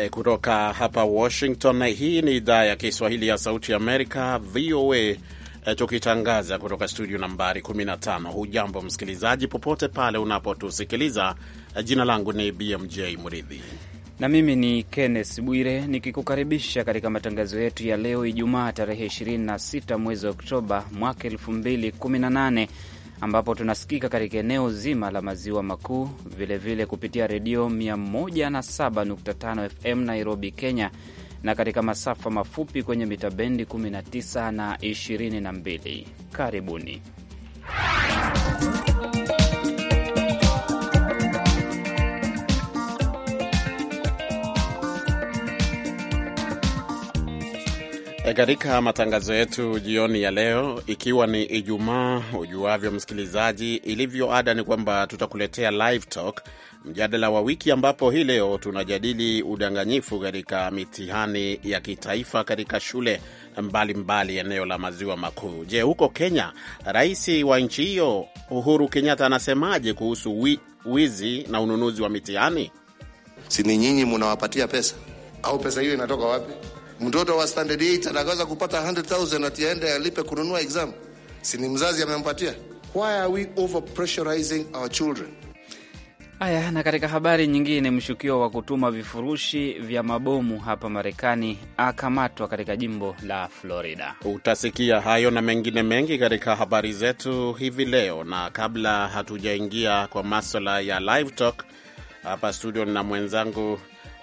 E, kutoka hapa Washington. Hii ni idhaa ya Kiswahili ya Sauti Amerika, VOA, e, tukitangaza kutoka studio nambari 15. Hujambo msikilizaji, popote pale unapotusikiliza. E, jina langu ni BMJ Mridhi na mimi ni Kenneth Bwire nikikukaribisha katika matangazo yetu ya leo Ijumaa tarehe 26 mwezi wa Oktoba mwaka 2018 ambapo tunasikika katika eneo zima la maziwa makuu, vilevile kupitia redio 107.5 FM Nairobi, Kenya, na katika masafa mafupi kwenye mita bendi 19 na 22. Karibuni. E, katika matangazo yetu jioni ya leo, ikiwa ni Ijumaa, ujuavyo msikilizaji, ilivyo ada ni kwamba tutakuletea live talk, mjadala wa wiki, ambapo hii leo tunajadili udanganyifu katika mitihani ya kitaifa katika shule mbalimbali mbali eneo la maziwa makuu. Je, huko Kenya, rais wa nchi hiyo Uhuru Kenyatta anasemaje kuhusu wi, wizi na ununuzi wa mitihani? Si ni nyinyi munawapatia pesa au pesa hiyo inatoka wapi? Mtoto wa standard 8 anaweza kupata 100,000 ati aende alipe kununua exam? Si ni mzazi amempatia? Why are we over pressurizing our children? Haya, na katika habari nyingine, mshukiwa wa kutuma vifurushi vya mabomu hapa Marekani akamatwa katika jimbo la Florida. Utasikia hayo na mengine mengi katika habari zetu hivi leo, na kabla hatujaingia kwa maswala ya live talk hapa studio na mwenzangu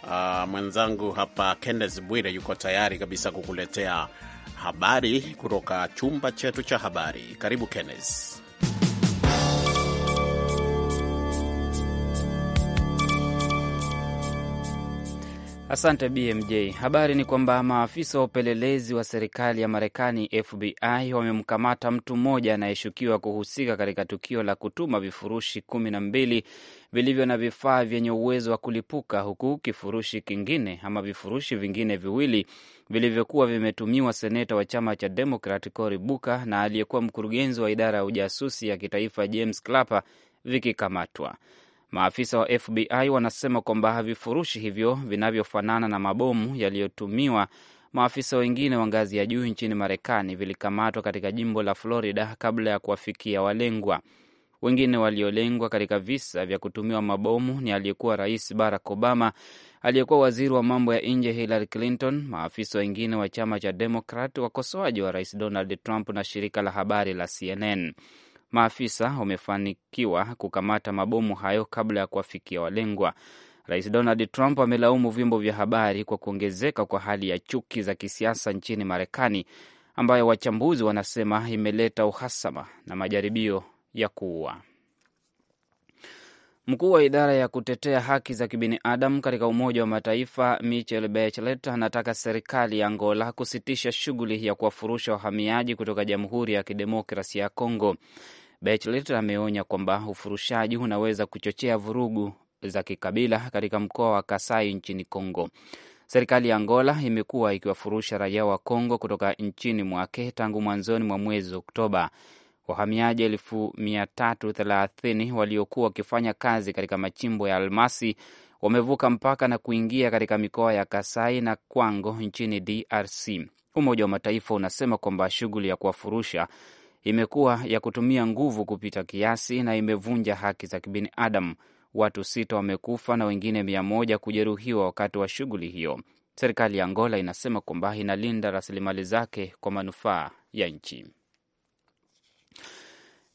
Uh, mwenzangu hapa kennes Bwire yuko tayari kabisa kukuletea habari kutoka chumba chetu cha habari. Karibu kennes Asante BMJ. Habari ni kwamba maafisa wa upelelezi wa serikali ya Marekani, FBI, wamemkamata mtu mmoja anayeshukiwa kuhusika katika tukio la kutuma vifurushi kumi na mbili vilivyo na vifaa vyenye uwezo wa kulipuka, huku kifurushi kingine ama vifurushi vingine viwili vilivyokuwa vimetumiwa seneta wa chama cha Demokrat Cory Booker na aliyekuwa mkurugenzi wa idara ya ujasusi ya kitaifa James Clapper vikikamatwa. Maafisa wa FBI wanasema kwamba vifurushi hivyo vinavyofanana na mabomu yaliyotumiwa maafisa wengine wa ngazi ya juu nchini Marekani vilikamatwa katika jimbo la Florida kabla ya kuwafikia walengwa. Wengine waliolengwa katika visa vya kutumiwa mabomu ni aliyekuwa Rais Barack Obama, aliyekuwa waziri wa mambo ya nje Hillary Clinton, maafisa wengine wa chama cha Demokrat, wakosoaji wa Rais Donald Trump na shirika la habari la CNN maafisa wamefanikiwa kukamata mabomu hayo kabla ya kuwafikia walengwa. Rais Donald Trump amelaumu vyombo vya habari kwa kuongezeka kwa hali ya chuki za kisiasa nchini Marekani, ambayo wachambuzi wanasema imeleta uhasama na majaribio ya kuua. Mkuu wa idara ya kutetea haki za kibinadamu katika Umoja wa Mataifa Michel Bachelet anataka serikali ya Angola kusitisha shughuli ya kuwafurusha wahamiaji kutoka Jamhuri ya Kidemokrasia ya Kongo. Bachelet ameonya kwamba ufurushaji unaweza kuchochea vurugu za kikabila katika mkoa wa Kasai nchini congo Serikali ya Angola imekuwa ikiwafurusha raia wa congo kutoka nchini mwake tangu mwanzoni mwa mwezi Oktoba. Wahamiaji elfu mia tatu thelathini waliokuwa wakifanya kazi katika machimbo ya almasi wamevuka mpaka na kuingia katika mikoa ya Kasai na Kwango nchini DRC. Umoja wa Mataifa unasema kwamba shughuli ya kuwafurusha imekuwa ya kutumia nguvu kupita kiasi na imevunja haki za kibinadamu. Watu sita wamekufa na wengine mia moja kujeruhiwa wakati wa shughuli hiyo. Serikali ya Angola inasema kwamba inalinda rasilimali zake kwa manufaa ya nchi.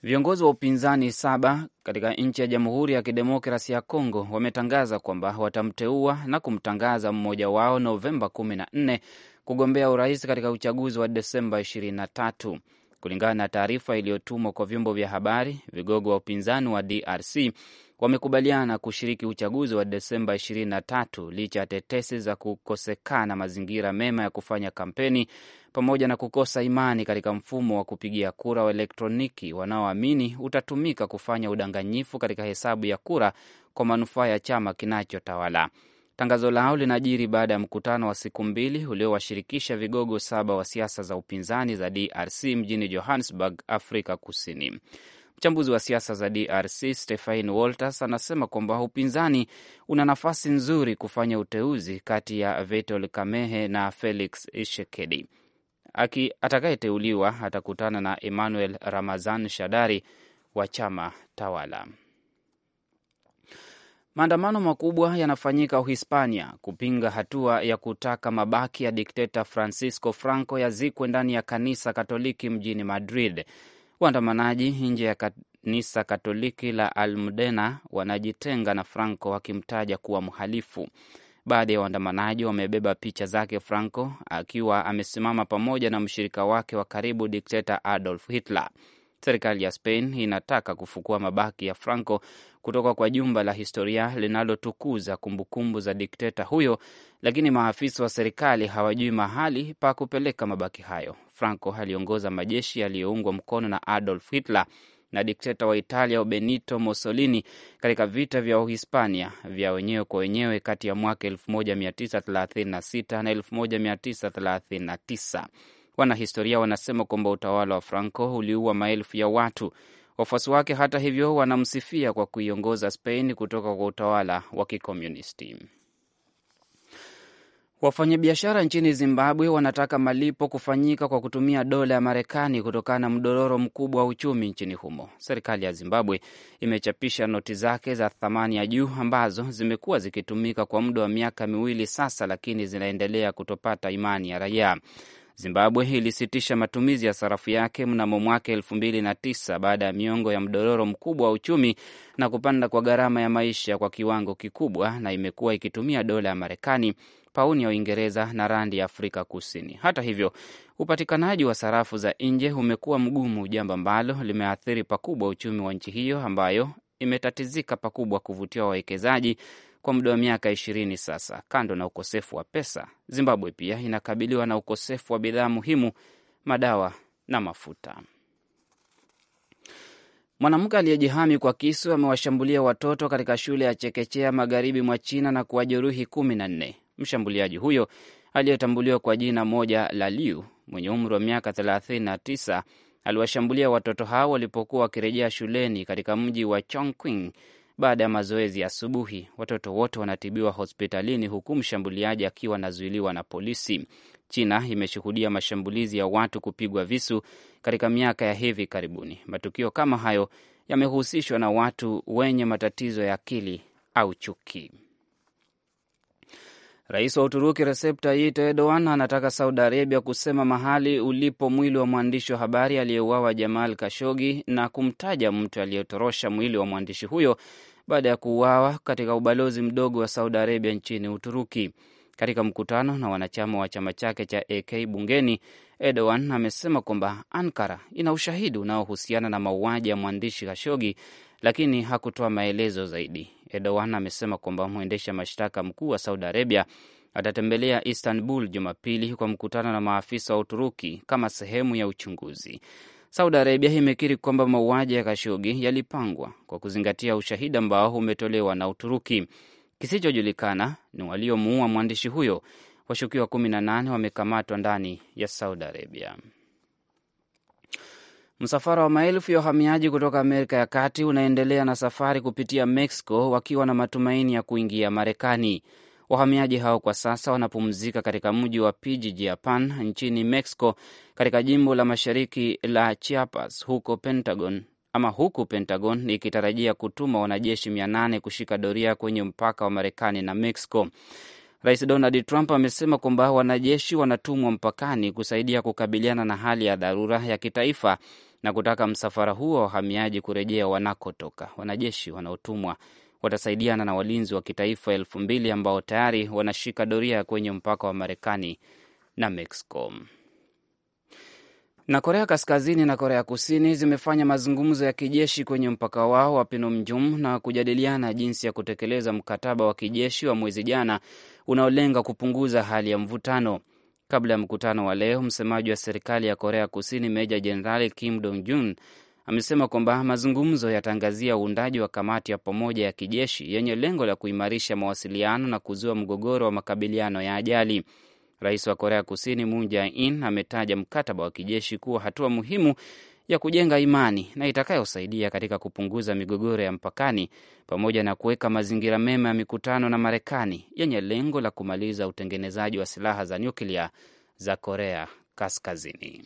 Viongozi wa upinzani saba katika nchi ya Jamhuri ya Kidemokrasi ya Kongo wametangaza kwamba watamteua na kumtangaza mmoja wao Novemba 14 kugombea urais katika uchaguzi wa Desemba 23. Kulingana na taarifa iliyotumwa kwa vyombo vya habari, vigogo wa upinzani wa DRC wamekubaliana kushiriki uchaguzi wa Desemba 23 licha ya tetesi za kukosekana mazingira mema ya kufanya kampeni pamoja na kukosa imani katika mfumo wa kupigia kura wa elektroniki wanaoamini utatumika kufanya udanganyifu katika hesabu ya kura kwa manufaa ya chama kinachotawala. Tangazo lao linajiri baada ya mkutano wa siku mbili uliowashirikisha vigogo saba wa siasa za upinzani za DRC mjini Johannesburg, Afrika Kusini. Mchambuzi wa siasa za DRC Stephen Walters anasema kwamba upinzani una nafasi nzuri kufanya uteuzi kati ya Vital Kamehe na Felix Tshisekedi. Atakayeteuliwa atakutana na Emmanuel Ramazan Shadari wa chama tawala. Maandamano makubwa yanafanyika Uhispania kupinga hatua ya kutaka mabaki ya dikteta Francisco Franco yazikwe ndani ya kanisa Katoliki mjini Madrid. Waandamanaji nje ya kanisa Katoliki la Almudena wanajitenga na Franco wakimtaja kuwa mhalifu. Baadhi ya waandamanaji wamebeba picha zake Franco akiwa amesimama pamoja na mshirika wake wa karibu dikteta Adolf Hitler. Serikali ya Spain inataka kufukua mabaki ya Franco kutoka kwa jumba la historia linalotukuza kumbukumbu za dikteta huyo, lakini maafisa wa serikali hawajui mahali pa kupeleka mabaki hayo. Franco aliongoza majeshi yaliyoungwa mkono na Adolf Hitler na dikteta wa Italia Benito Mussolini katika vita vya Uhispania vya wenyewe kwa wenyewe kati ya mwaka 1936 na 1939. Wanahistoria wanasema kwamba utawala wa Franco uliua maelfu ya watu. Wafuasi wake, hata hivyo, wanamsifia kwa kuiongoza Spain kutoka kwa utawala wa kikomunisti. Wafanyabiashara nchini Zimbabwe wanataka malipo kufanyika kwa kutumia dola ya Marekani kutokana na mdororo mkubwa wa uchumi nchini humo. Serikali ya Zimbabwe imechapisha noti zake za thamani ya juu ambazo zimekuwa zikitumika kwa muda wa miaka miwili sasa, lakini zinaendelea kutopata imani ya raia. Zimbabwe ilisitisha matumizi ya sarafu yake mnamo mwaka elfu mbili na tisa baada ya miongo ya mdororo mkubwa wa uchumi na kupanda kwa gharama ya maisha kwa kiwango kikubwa, na imekuwa ikitumia dola ya Marekani, pauni ya Uingereza na randi ya Afrika Kusini. Hata hivyo, upatikanaji wa sarafu za nje umekuwa mgumu, jambo ambalo limeathiri pakubwa uchumi wa nchi hiyo ambayo imetatizika pakubwa kuvutia wawekezaji kwa muda wa miaka ishirini sasa. Kando na ukosefu wa pesa, Zimbabwe pia inakabiliwa na ukosefu wa bidhaa muhimu, madawa na mafuta. Mwanamke aliyejihami kwa kisu amewashambulia watoto katika shule ya chekechea magharibi mwa China na kuwajeruhi kumi na nne. Mshambuliaji huyo aliyetambuliwa kwa jina moja la Liu mwenye umri wa miaka 39 aliwashambulia watoto hao walipokuwa wakirejea shuleni katika mji wa Chongqing baada ya mazoezi asubuhi. Watoto wote wanatibiwa hospitalini, huku mshambuliaji akiwa anazuiliwa na polisi. China imeshuhudia mashambulizi ya watu kupigwa visu katika miaka ya hivi karibuni. Matukio kama hayo yamehusishwa na watu wenye matatizo ya akili au chuki. Rais wa Uturuki Recep Tayyip Erdogan anataka Saudi Arabia kusema mahali ulipo mwili wa mwandishi wa habari aliyeuawa Jamal Kashogi na kumtaja mtu aliyetorosha mwili wa mwandishi huyo baada ya kuuawa katika ubalozi mdogo wa Saudi Arabia nchini Uturuki. Katika mkutano na wanachama wa chama chake cha AK bungeni, Erdogan amesema kwamba Ankara ina ushahidi unaohusiana na mauaji ya mwandishi Khashoggi, lakini hakutoa maelezo zaidi. Erdogan amesema kwamba mwendesha mashtaka mkuu wa Saudi Arabia atatembelea Istanbul Jumapili kwa mkutano na maafisa wa Uturuki kama sehemu ya uchunguzi. Saudi Arabia imekiri kwamba mauaji ya Kashogi yalipangwa kwa kuzingatia ushahidi ambao umetolewa na Uturuki. Kisichojulikana ni waliomuua mwandishi huyo. Washukiwa 18 wamekamatwa ndani ya Saudi Arabia. Msafara wa maelfu ya wahamiaji kutoka Amerika ya Kati unaendelea na safari kupitia Mexico wakiwa na matumaini ya kuingia Marekani. Wahamiaji hao kwa sasa wanapumzika katika mji wa Piji, Japan, nchini Mexico, katika jimbo la mashariki la Chiapas, huko Pentagon ama huku Pentagon ikitarajia kutuma wanajeshi mia nane kushika doria kwenye mpaka wa Marekani na Mexico. Rais Donald Trump amesema kwamba wanajeshi wanatumwa mpakani kusaidia kukabiliana na hali ya dharura ya kitaifa na kutaka msafara huo wa wahamiaji kurejea wanakotoka. Wanajeshi wanaotumwa watasaidiana na walinzi wa kitaifa elfu mbili ambao tayari wanashika doria kwenye mpaka wa Marekani na Mexico. Na Korea Kaskazini na Korea Kusini zimefanya mazungumzo ya kijeshi kwenye mpaka wao wa pinomjum na kujadiliana jinsi ya kutekeleza mkataba wa kijeshi wa mwezi jana unaolenga kupunguza hali ya mvutano. Kabla ya mkutano wa leo, msemaji wa serikali ya Korea Kusini Meja Jenerali Kim Dong Jun amesema kwamba mazungumzo yataangazia uundaji wa kamati ya pamoja ya kijeshi yenye lengo la kuimarisha mawasiliano na kuzua mgogoro wa makabiliano ya ajali. Rais wa Korea Kusini Moon Jae-in ametaja mkataba wa kijeshi kuwa hatua muhimu ya kujenga imani na itakayosaidia katika kupunguza migogoro ya mpakani pamoja na kuweka mazingira mema ya mikutano na Marekani yenye lengo la kumaliza utengenezaji wa silaha za nyuklia za Korea Kaskazini.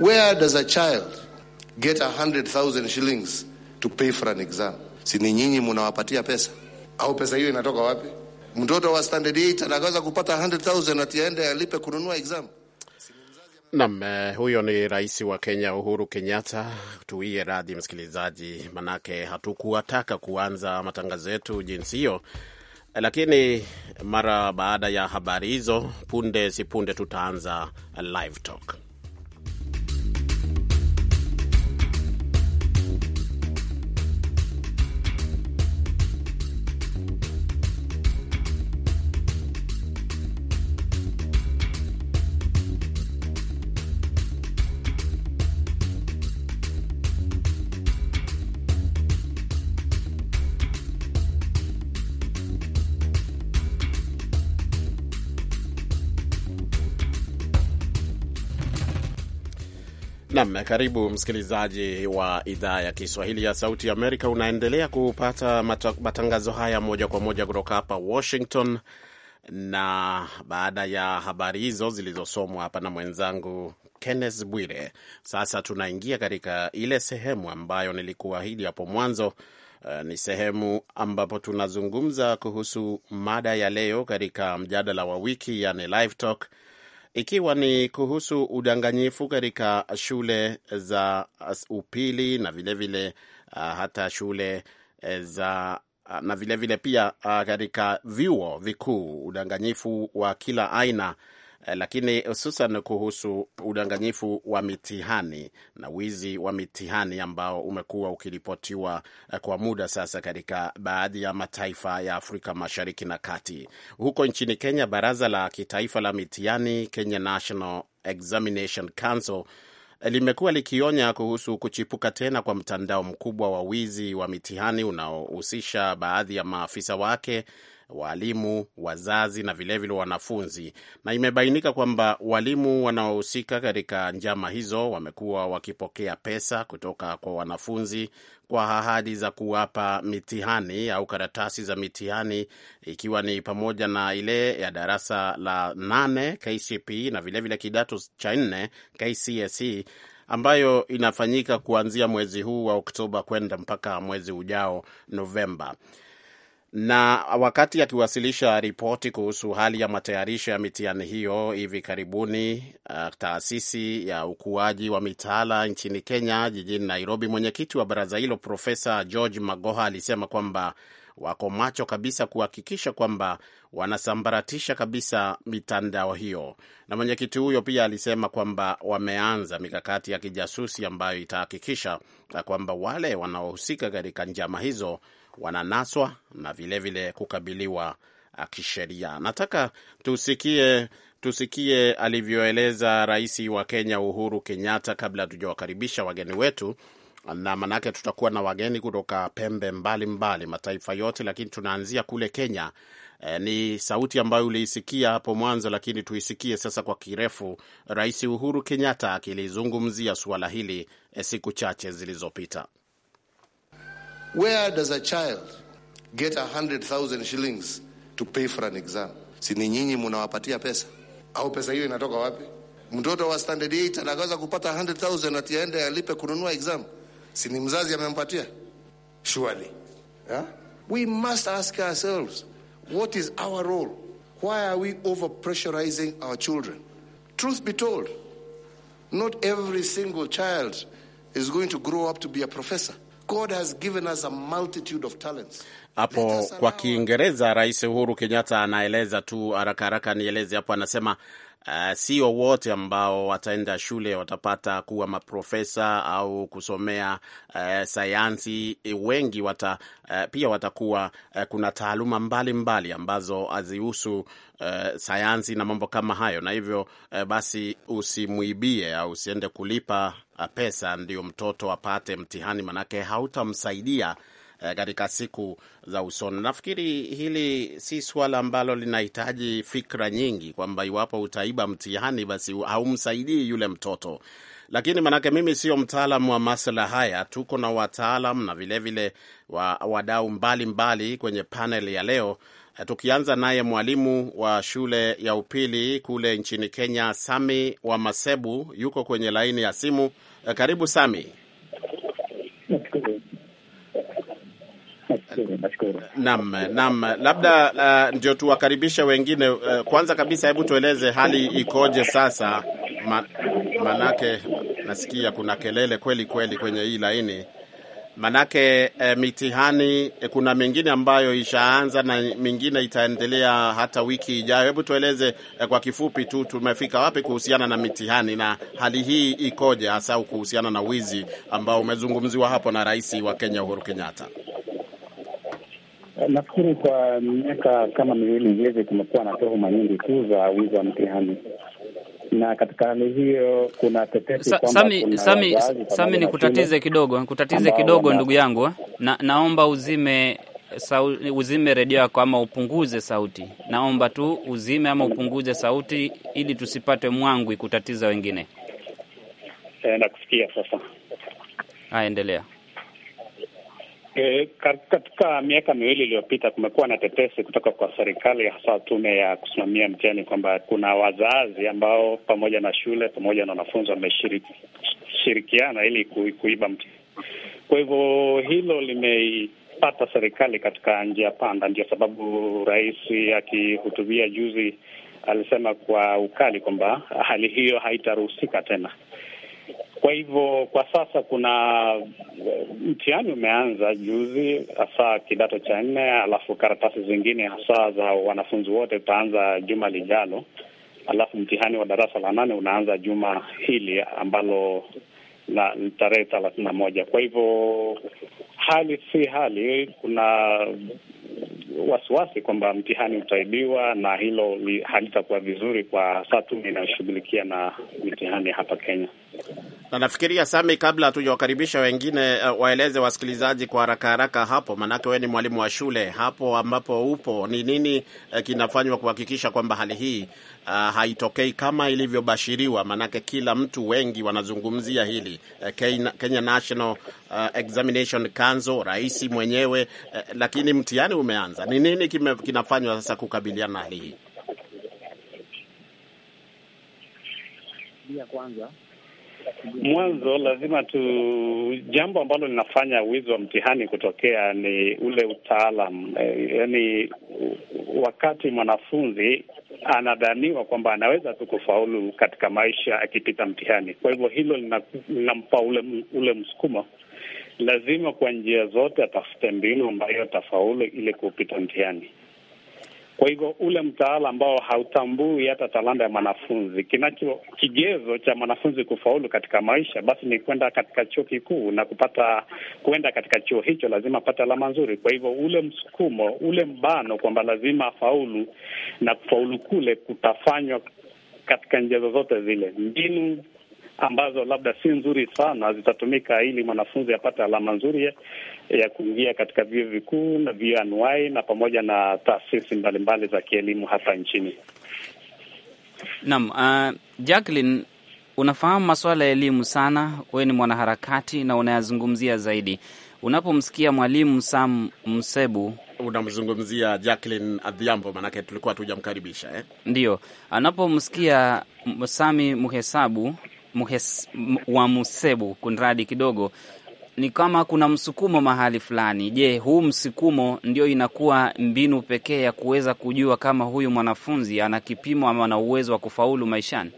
Where does a child get 100,000 shillings to pay for an exam. Si ni nyinyi mnawapatia pesa au pesa hiyo inatoka wapi? Mtoto wa standard 8 anaweza kupata 100,000 atiende alipe kununua exam. Nam, eh, huyo ni rais wa Kenya Uhuru Kenyatta. Tuiye radhi msikilizaji, manake hatukuwataka kuanza matangazo yetu jinsi hiyo, eh, lakini mara baada ya habari hizo, punde si punde tutaanza live talk. Nam, karibu msikilizaji wa idhaa ya Kiswahili ya Sauti Amerika. Unaendelea kupata matangazo haya moja kwa moja kutoka hapa Washington, na baada ya habari hizo zilizosomwa hapa na mwenzangu Kenneth Bwire, sasa tunaingia katika ile sehemu ambayo nilikuahidi hapo mwanzo. Uh, ni sehemu ambapo tunazungumza kuhusu mada ya leo katika mjadala wa wiki, yani live talk ikiwa ni kuhusu udanganyifu katika shule za upili na vilevile vile, uh, hata shule eh, za uh, na vilevile vile pia uh, katika vyuo vikuu, udanganyifu wa kila aina Eh, lakini hususan kuhusu udanganyifu wa mitihani na wizi wa mitihani ambao umekuwa ukiripotiwa eh, kwa muda sasa katika baadhi ya mataifa ya Afrika Mashariki na Kati. Huko nchini Kenya, baraza la kitaifa la mitihani, Kenya National Examination Council, eh, limekuwa likionya kuhusu kuchipuka tena kwa mtandao mkubwa wa wizi wa mitihani unaohusisha baadhi ya maafisa wake waalimu, wazazi na vilevile wanafunzi, na imebainika kwamba walimu wanaohusika katika njama hizo wamekuwa wakipokea pesa kutoka kwa wanafunzi kwa ahadi za kuwapa mitihani au karatasi za mitihani ikiwa ni pamoja na ile ya darasa la nane KCPE na vilevile kidato cha nne KCSE ambayo inafanyika kuanzia mwezi huu wa Oktoba kwenda mpaka mwezi ujao Novemba na wakati akiwasilisha ripoti kuhusu hali ya matayarisho ya mitihani hiyo hivi karibuni, uh, taasisi ya ukuaji wa mitaala nchini Kenya jijini Nairobi, mwenyekiti wa baraza hilo Profesa George Magoha alisema kwamba wako macho kabisa kuhakikisha kwamba wanasambaratisha kabisa mitandao hiyo, na mwenyekiti huyo pia alisema kwamba wameanza mikakati ya kijasusi ambayo itahakikisha kwamba wale wanaohusika katika njama hizo wananaswa na vilevile vile kukabiliwa uh, kisheria. Nataka tusikie tusikie alivyoeleza rais wa Kenya Uhuru Kenyatta kabla hatujawakaribisha wageni wetu, na maanake tutakuwa na wageni kutoka pembe mbalimbali mbali, mataifa yote, lakini tunaanzia kule Kenya. E, ni sauti ambayo uliisikia hapo mwanzo, lakini tuisikie sasa kwa kirefu Rais Uhuru Kenyatta akilizungumzia suala hili eh, siku chache zilizopita. Where does a child get a 100,000 shillings to pay for an exam? Si ni nyinyi munawapatia pesa au pesa hiyo inatoka wapi? Mtoto wa standard 8 anaweza kupata 100,000 ati aende alipe kununua exam? Si ni mzazi amempatia? Surely. Yeah? We must ask ourselves, what is our role? Why are we over pressurizing our children? Truth be told, not every single child is going to grow up to be a professor. God has given us a multitude of talents. Hapo kwa Kiingereza Rais Uhuru Kenyatta anaeleza tu haraka haraka, nieleze hapo, anasema uh, sio wote ambao wataenda shule watapata kuwa maprofesa au kusomea uh, sayansi. Wengi wata, uh, pia watakuwa uh, kuna taaluma mbalimbali mbali ambazo hazihusu uh, sayansi na mambo kama hayo, na hivyo uh, basi usimwibie au usiende kulipa Ah, pesa ndio mtoto apate mtihani, manake hautamsaidia eh, katika siku za usoni. Nafikiri hili si suala ambalo linahitaji fikra nyingi, kwamba iwapo utaiba mtihani basi haumsaidii yule mtoto. Lakini manake mimi sio mtaalamu wa masala haya, tuko na wataalam na vilevile wa wadau mbalimbali kwenye panel ya leo Eh, tukianza naye mwalimu wa shule ya upili kule nchini Kenya, Sami wa Masebu, yuko kwenye laini ya simu. Eh, karibu Sami. Naam, naam, labda uh, ndio tuwakaribishe wengine. Uh, kwanza kabisa, hebu tueleze hali ikoje sasa, manake nasikia kuna kelele kweli kweli kwenye hii laini Manake e, mitihani e, kuna mingine ambayo ishaanza na mingine itaendelea hata wiki ijayo. Hebu tueleze e, kwa kifupi tu tumefika wapi kuhusiana na mitihani na hali hii ikoje, hasa kuhusiana na wizi ambao umezungumziwa hapo na Rais wa Kenya Uhuru Kenyatta. Nafikiri kwa miaka kama miwili hivi kumekuwa na tuhuma nyingi tu za wizi wa mtihani na katika hali hiyo kuna tetesi Sa, Sami, kuna Sami, Sami nikutatize kidogo nikutatize kidogo wana... ndugu yangu eh. na, naomba uzime sau, uzime redio yako ama upunguze sauti. Naomba tu uzime ama upunguze sauti ili tusipate mwangwi kutatiza wengine. Eh, nakusikia sasa. Haya, endelea katika miaka miwili iliyopita kumekuwa na tetesi kutoka kwa serikali hasa tume ya kusimamia mtihani kwamba kuna wazazi ambao pamoja na shule pamoja na wanafunzi wameshirikiana ili kuiba mtihani. Kwa hivyo hilo limeipata serikali katika njia panda, ndio sababu rais akihutubia juzi alisema kwa ukali kwamba hali hiyo haitaruhusika tena. Kwa hivyo kwa sasa kuna eh, mtihani umeanza juzi, hasa kidato cha nne, alafu karatasi zingine hasa za wanafunzi wote utaanza juma lijalo, alafu mtihani wa darasa la nane unaanza juma hili ambalo na tarehe thelathini na moja. Kwa hivyo hali si hali, kuna wasiwasi kwamba mtihani utaibiwa na hilo halitakuwa vizuri kwa saa tume inayoshughulikia na mitihani hapa Kenya. Na nafikiria Sami, kabla hatujawakaribisha wengine, uh, waeleze wasikilizaji kwa haraka haraka hapo, maanake wewe ni mwalimu wa shule hapo ambapo upo, ni nini uh, kinafanywa kuhakikisha kwamba hali hii uh, haitokei kama ilivyobashiriwa? Maanake kila mtu, wengi wanazungumzia hili uh, Kenya, Kenya National uh, Examination Council, rais mwenyewe uh, lakini mtihani umeanza. Ni nini kinafanywa sasa kukabiliana na hali hii? Kwanza Mwanzo lazima tu, jambo ambalo linafanya wizi wa mtihani kutokea ni ule utaalam, eh, yani wakati mwanafunzi anadhaniwa kwamba anaweza tu kufaulu katika maisha akipita mtihani. Kwa hivyo hilo linampa ule, ule msukumo, lazima kwa njia zote atafute mbinu ambayo atafaulu ili kupita mtihani. Kwa hivyo ule mtaala ambao hautambui hata talanta ya mwanafunzi, kinacho kigezo cha mwanafunzi kufaulu katika maisha basi ni kwenda katika chuo kikuu na kupata kuenda katika chuo hicho, lazima apate alama nzuri. Kwa hivyo ule msukumo, ule mbano kwamba lazima afaulu na kufaulu kule kutafanywa katika njia zozote zile, mbinu ambazo labda si nzuri sana zitatumika ili mwanafunzi apate alama nzuri ya, ya kuingia katika vyuo vikuu na vyuo anuai na pamoja na taasisi mbalimbali za kielimu hapa nchini. Naam, uh, Jacqueline, unafahamu masuala ya elimu sana, wewe ni mwanaharakati na unayazungumzia zaidi. Unapomsikia mwalimu Sam Msebu unamzungumzia Jacqueline Adhiambo, maanake tulikuwa hatujamkaribisha eh? Ndio, anapomsikia Sami muhesabu Muhes, wa Musebu, kunradi kidogo, ni kama kuna msukumo mahali fulani. Je, huu msukumo ndio inakuwa mbinu pekee ya kuweza kujua kama huyu mwanafunzi ana kipimo ama ana uwezo wa kufaulu maishani?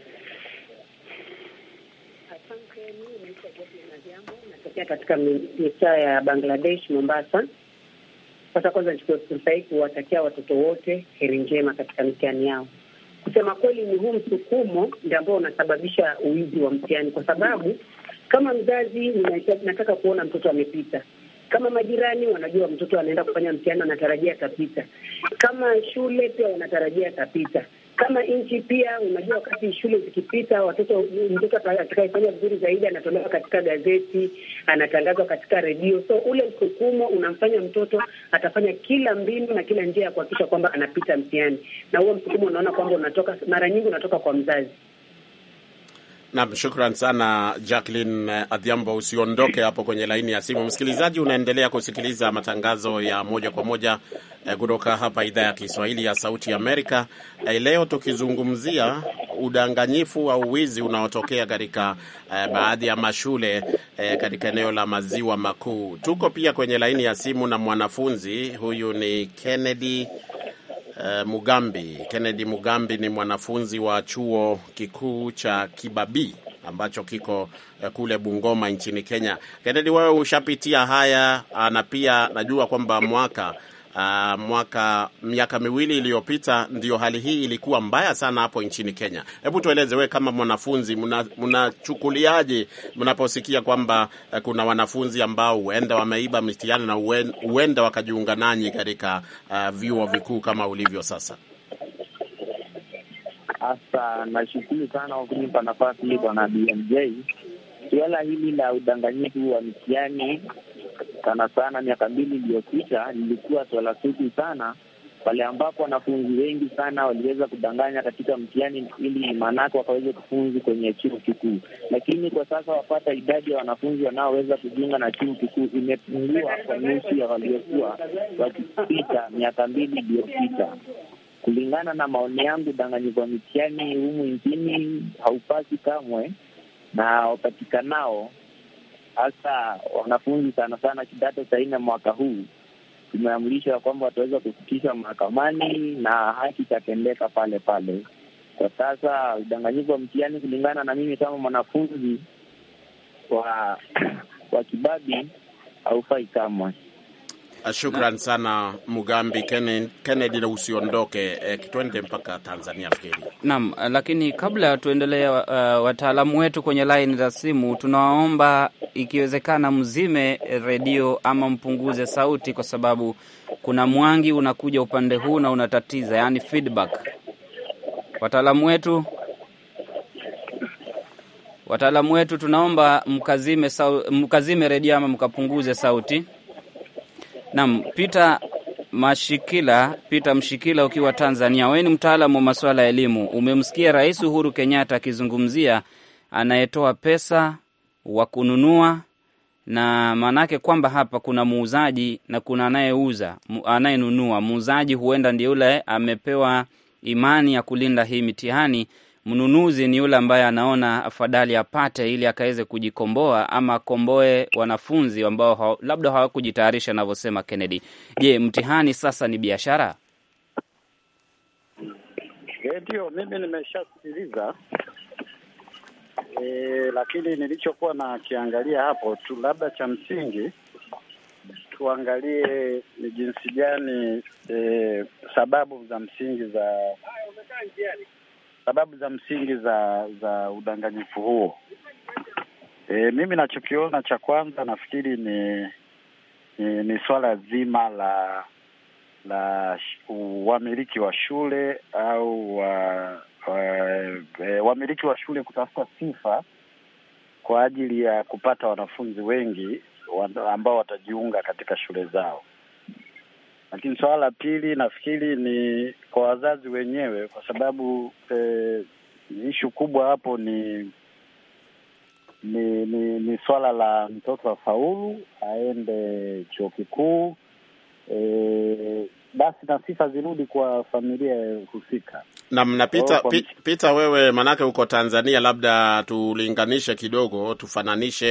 Katika mitaa ya Bangladesh, Mombasa. Sasa kwanza nichukue fursa hii kuwatakia watoto wote heri njema katika mitihani yao kusema kweli, ni huu msukumo ndio ambao unasababisha uizi wa mtihani, kwa sababu kama mzazi nataka kuona mtoto amepita kama majirani wanajua mtoto anaenda kufanya mtihani, wanatarajia atapita. Kama shule pia wanatarajia atapita kama nchi pia, unajua wakati shule zikipita, watoto mtoto atakayefanya vizuri zaidi anatolewa katika gazeti, anatangazwa katika redio. So ule msukumo unamfanya mtoto atafanya kila mbinu na kila njia ya kuhakikisha kwamba anapita mtihani, na huo msukumo unaona kwamba unatoka mara nyingi unatoka kwa mzazi. Nam, shukran sana Jacqueline eh, Adhiambo. Usiondoke hapo kwenye laini ya simu. Msikilizaji, unaendelea kusikiliza matangazo ya moja kwa moja eh, kutoka hapa idhaa ya Kiswahili ya Sauti Amerika. Eh, leo tukizungumzia udanganyifu au wizi unaotokea katika eh, baadhi ya mashule eh, katika eneo la maziwa makuu. Tuko pia kwenye laini ya simu na mwanafunzi huyu ni Kennedy Eh, Mugambi. Kennedy Mugambi ni mwanafunzi wa chuo kikuu cha kibabi ambacho kiko eh, kule Bungoma nchini Kenya. Kennedy, wewe ushapitia haya ah, na pia najua kwamba mwaka Uh, mwaka miaka miwili iliyopita ndio hali hii ilikuwa mbaya sana hapo nchini Kenya. Hebu tueleze wewe kama mwanafunzi, mnachukuliaje mnaposikia kwamba uh, kuna wanafunzi ambao huenda wameiba mitihani na huenda wakajiunga nanyi katika uh, vyuo vikuu kama ulivyo sasa? Hasa nashukuru sana kwa kunipa nafasi hii, Bwana BMJ. Suala hili la udanganyifu wa mitihani sana sana miaka mbili iliyopita lilikuwa swala sugu sana, pale ambapo wanafunzi wengi sana waliweza kudanganya katika mtihani ili maanake wakaweze kufunzi kwenye chuo kikuu. Lakini kwa sasa wapata idadi ya wanafunzi wanaoweza kujiunga na chuo kikuu imepungua kwa nusu ya waliokuwa wakipita miaka mbili iliyopita. Kulingana na maoni yangu, udanganyifu wa mitihani humu nchini haupasi kamwe, na wapatikanao hasa wanafunzi sana sana kidato cha nne mwaka huu tumeamrishwa kwamba wataweza kufikishwa mahakamani na haki itatendeka pale pale. Kwa sasa udanganyifu wa mtihani, kulingana na mimi kama mwanafunzi wa wa Kibabi, haufai kamwe. Uh, shukran sana Mugambi Kennedy, na usiondoke eh, twende mpaka Tanzania. Fikiri naam, uh, lakini kabla tuendelee, uh, wataalamu wetu kwenye laini za simu, tunawaomba ikiwezekana mzime redio ama mpunguze sauti, kwa sababu kuna mwangi unakuja upande huu na unatatiza, yani feedback. Wataalamu wetu wataalamu wetu, tunaomba mkazime, mkazime redio ama mkapunguze sauti. Naam, Peter Mashikila, Peter Mshikila ukiwa Tanzania, wewe ni mtaalamu wa masuala ya elimu. Umemsikia Rais Uhuru Kenyatta akizungumzia anayetoa pesa wa kununua na maanake kwamba hapa kuna muuzaji na kuna anayeuza, anayenunua. Muuzaji huenda ndio yule amepewa imani ya kulinda hii mitihani mnunuzi ni yule ambaye anaona afadhali apate ili akaweze kujikomboa ama akomboe wanafunzi ambao ha, labda hawakujitayarisha anavyosema Kennedy. Je, mtihani sasa ni biashara? Eh, ndio, mimi nimeshasikiliza e, lakini nilichokuwa nakiangalia hapo tu labda cha msingi tuangalie ni jinsi gani e, sababu za msingi za sababu za msingi za za udanganyifu huo. E, mimi nachokiona cha kwanza nafikiri ni ni, ni swala zima la la wamiliki wa shule au wa, wa, e, wamiliki wa shule kutafuta sifa kwa ajili ya kupata wanafunzi wengi ambao watajiunga katika shule zao. Lakini suala la pili nafikiri ni kwa wazazi wenyewe, kwa sababu eh, ishu kubwa hapo ni ni ni, ni swala la mtoto wa faulu aende chuo kikuu eh, basi na sifa zirudi kwa familia husika na mnapita oh, Pita, wewe manake uko Tanzania, labda tulinganishe kidogo, tufananishe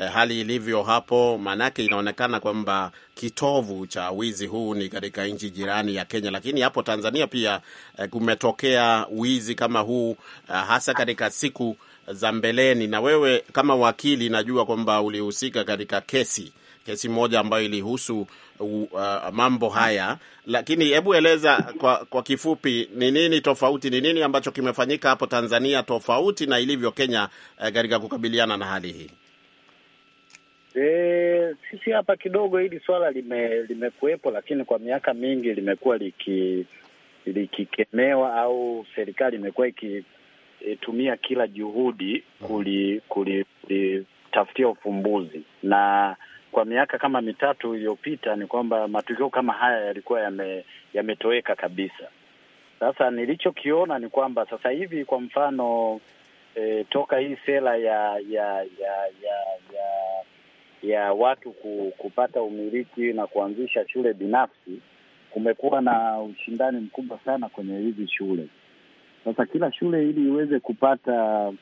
eh, hali ilivyo hapo, manake inaonekana kwamba kitovu cha wizi huu ni katika nchi jirani ya Kenya, lakini hapo Tanzania pia eh, kumetokea wizi kama huu eh, hasa katika siku za mbeleni. Na wewe kama wakili, najua kwamba ulihusika katika kesi kesi moja ambayo ilihusu uh, mambo haya, lakini hebu eleza kwa, kwa kifupi ni nini tofauti, ni nini ambacho kimefanyika hapo Tanzania tofauti na ilivyo Kenya uh, katika uh, kukabiliana na hali hii? E, sisi hapa kidogo hili swala lime, limekuwepo lakini kwa miaka mingi limekuwa liki likikemewa au serikali imekuwa ikitumia kila juhudi kulitafutia kuli, kuli, ufumbuzi na kwa miaka kama mitatu iliyopita ni kwamba matukio kama haya yalikuwa yame, yametoweka kabisa. Sasa nilichokiona ni kwamba sasa hivi kwa mfano e, toka hii sera ya ya ya ya ya, ya watu ku, kupata umiliki na kuanzisha shule binafsi, kumekuwa na ushindani mkubwa sana kwenye hizi shule. Sasa kila shule ili iweze kupata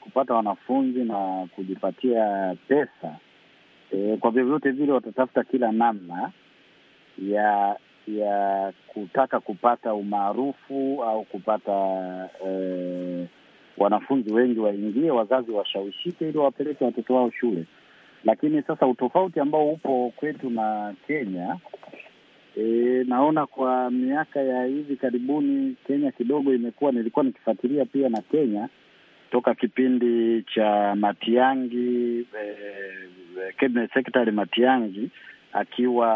kupata wanafunzi na kujipatia pesa E, kwa vyovyote vile watatafuta kila namna ya ya kutaka kupata umaarufu au kupata e, wanafunzi wengi waingie, wazazi washawishike, ili wawapeleke watoto wao shule. Lakini sasa utofauti ambao upo kwetu na Kenya e, naona kwa miaka ya hivi karibuni Kenya kidogo imekuwa, nilikuwa nikifuatilia pia na Kenya toka kipindi cha Matiangi eh, eh, cabinet secretary Matiangi akiwa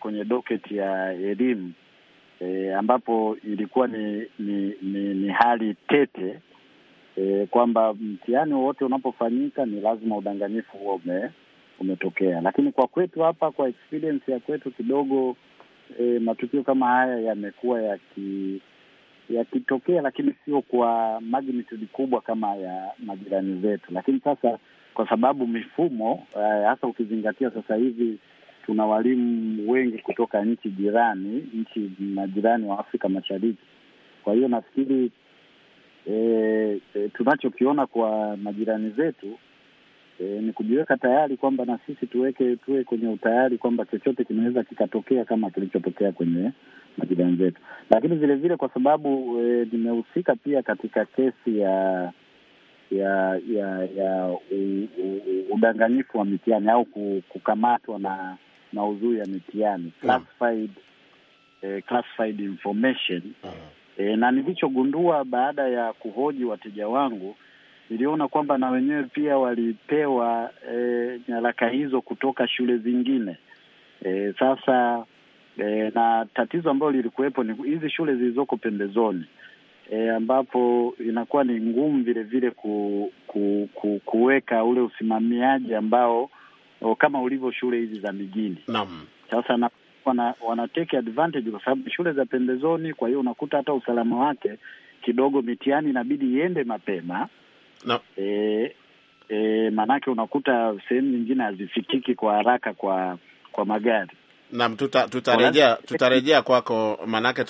kwenye doketi ya elimu eh, ambapo ilikuwa ni ni, ni, ni hali tete eh, kwamba mtihani wowote unapofanyika ni lazima udanganyifu huo ume, umetokea. Lakini kwa kwetu hapa, kwa experience ya kwetu kidogo eh, matukio kama haya yamekuwa yaki yakitokea, lakini sio kwa magnitude kubwa kama ya majirani zetu. Lakini sasa kwa sababu mifumo eh, hasa, uh, ukizingatia sasa hivi tuna walimu wengi kutoka nchi jirani, nchi majirani wa Afrika Mashariki. Kwa hiyo nafikiri e, e, tunachokiona kwa majirani zetu e, ni kujiweka tayari kwamba na sisi tuweke tuwe kwenye utayari kwamba chochote kinaweza kikatokea kama kilichotokea kwenye majirani zetu. Lakini vilevile kwa sababu e, nimehusika pia katika kesi ya ya ya ya udanganyifu wa mitihani au kukamatwa na maudhui ya mitihani mm. classified, eh, classified information eh, na nilichogundua baada ya kuhoji wateja wangu niliona kwamba na wenyewe pia walipewa e, nyaraka hizo kutoka shule zingine e, sasa e, na tatizo ambalo lilikuwepo ni hizi shule zilizoko pembezoni e, ambapo inakuwa ni ngumu vile vile ku, ku, ku, kuweka ule usimamiaji ambao o, kama ulivyo shule hizi za mijini. Naam. Sasa na wana, wana take advantage kwa sababu shule za pembezoni, kwa hiyo unakuta hata usalama wake kidogo, mitihani inabidi iende mapema no. E, e, maanake unakuta sehemu nyingine hazifikiki kwa haraka kwa kwa magari. Naam, tutarejea tuta tutarejea kwako, maanake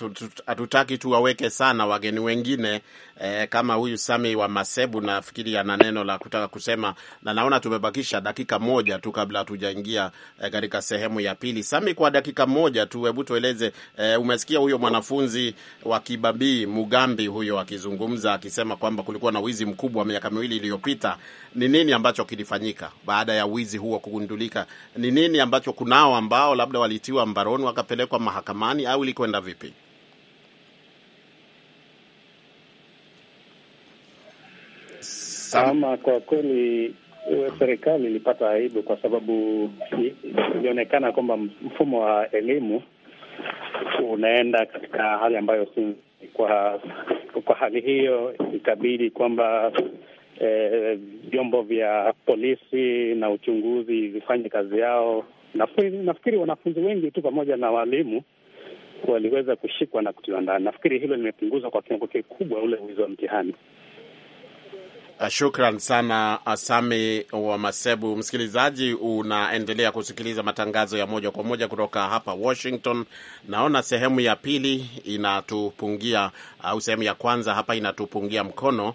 hatutaki tu waweke sana wageni wengine eh, kama huyu Sami wa Masebu nafikiri ana neno la kutaka kusema, na naona tumebakisha dakika moja tu kabla hatujaingia eh, katika eh, sehemu ya pili. Sami, kwa dakika moja tu, hebu tueleze eh, umesikia huyo mwanafunzi wa Kibabii Mugambi huyo akizungumza akisema kwamba kulikuwa na wizi mkubwa miaka miwili iliyopita. Ni nini ambacho kilifanyika baada ya wizi huo kugundulika? Ni nini ambacho kunao ambao labda walitiwa mbaroni wakapelekwa mahakamani au ilikwenda vipi? Ama kwa kweli serikali ilipata aibu kwa sababu ilionekana kwamba mfumo wa elimu unaenda katika hali ambayo si kwa, kwa hali hiyo ikabidi kwamba eh, vyombo eh, vya polisi na uchunguzi vifanye kazi yao. Nafikiri, nafikiri wanafunzi wengi tu pamoja na walimu waliweza kushikwa na kutiwa ndani. Nafikiri hilo limepunguza kwa kiwango kikubwa ule wizi wa mtihani. Uh, shukran sana Asami uh, wa Masebu. Msikilizaji, unaendelea kusikiliza matangazo ya moja kwa moja kutoka hapa Washington. Naona sehemu ya pili inatupungia au sehemu ya kwanza hapa inatupungia mkono,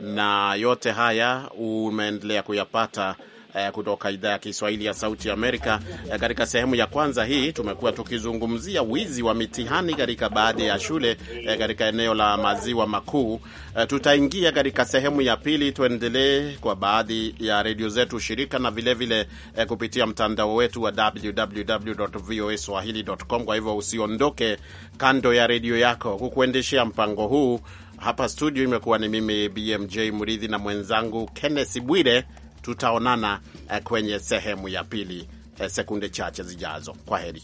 na yote haya umeendelea kuyapata eh, kutoka idhaa ya Kiswahili ya Sauti ya Amerika. Eh, katika sehemu ya kwanza hii tumekuwa tukizungumzia wizi wa mitihani katika baadhi ya shule eh, katika eneo la maziwa makuu. Eh, tutaingia katika sehemu ya pili, tuendelee kwa baadhi ya redio zetu shirika na vilevile vile, eh, kupitia mtandao wetu wa www.voaswahili.com. Kwa hivyo usiondoke kando ya redio yako. Kukuendeshea mpango huu hapa studio imekuwa ni mimi BMJ Muridhi na mwenzangu Kenneth Bwire Tutaonana eh, kwenye sehemu ya pili eh, sekunde chache zijazo. Kwa heri.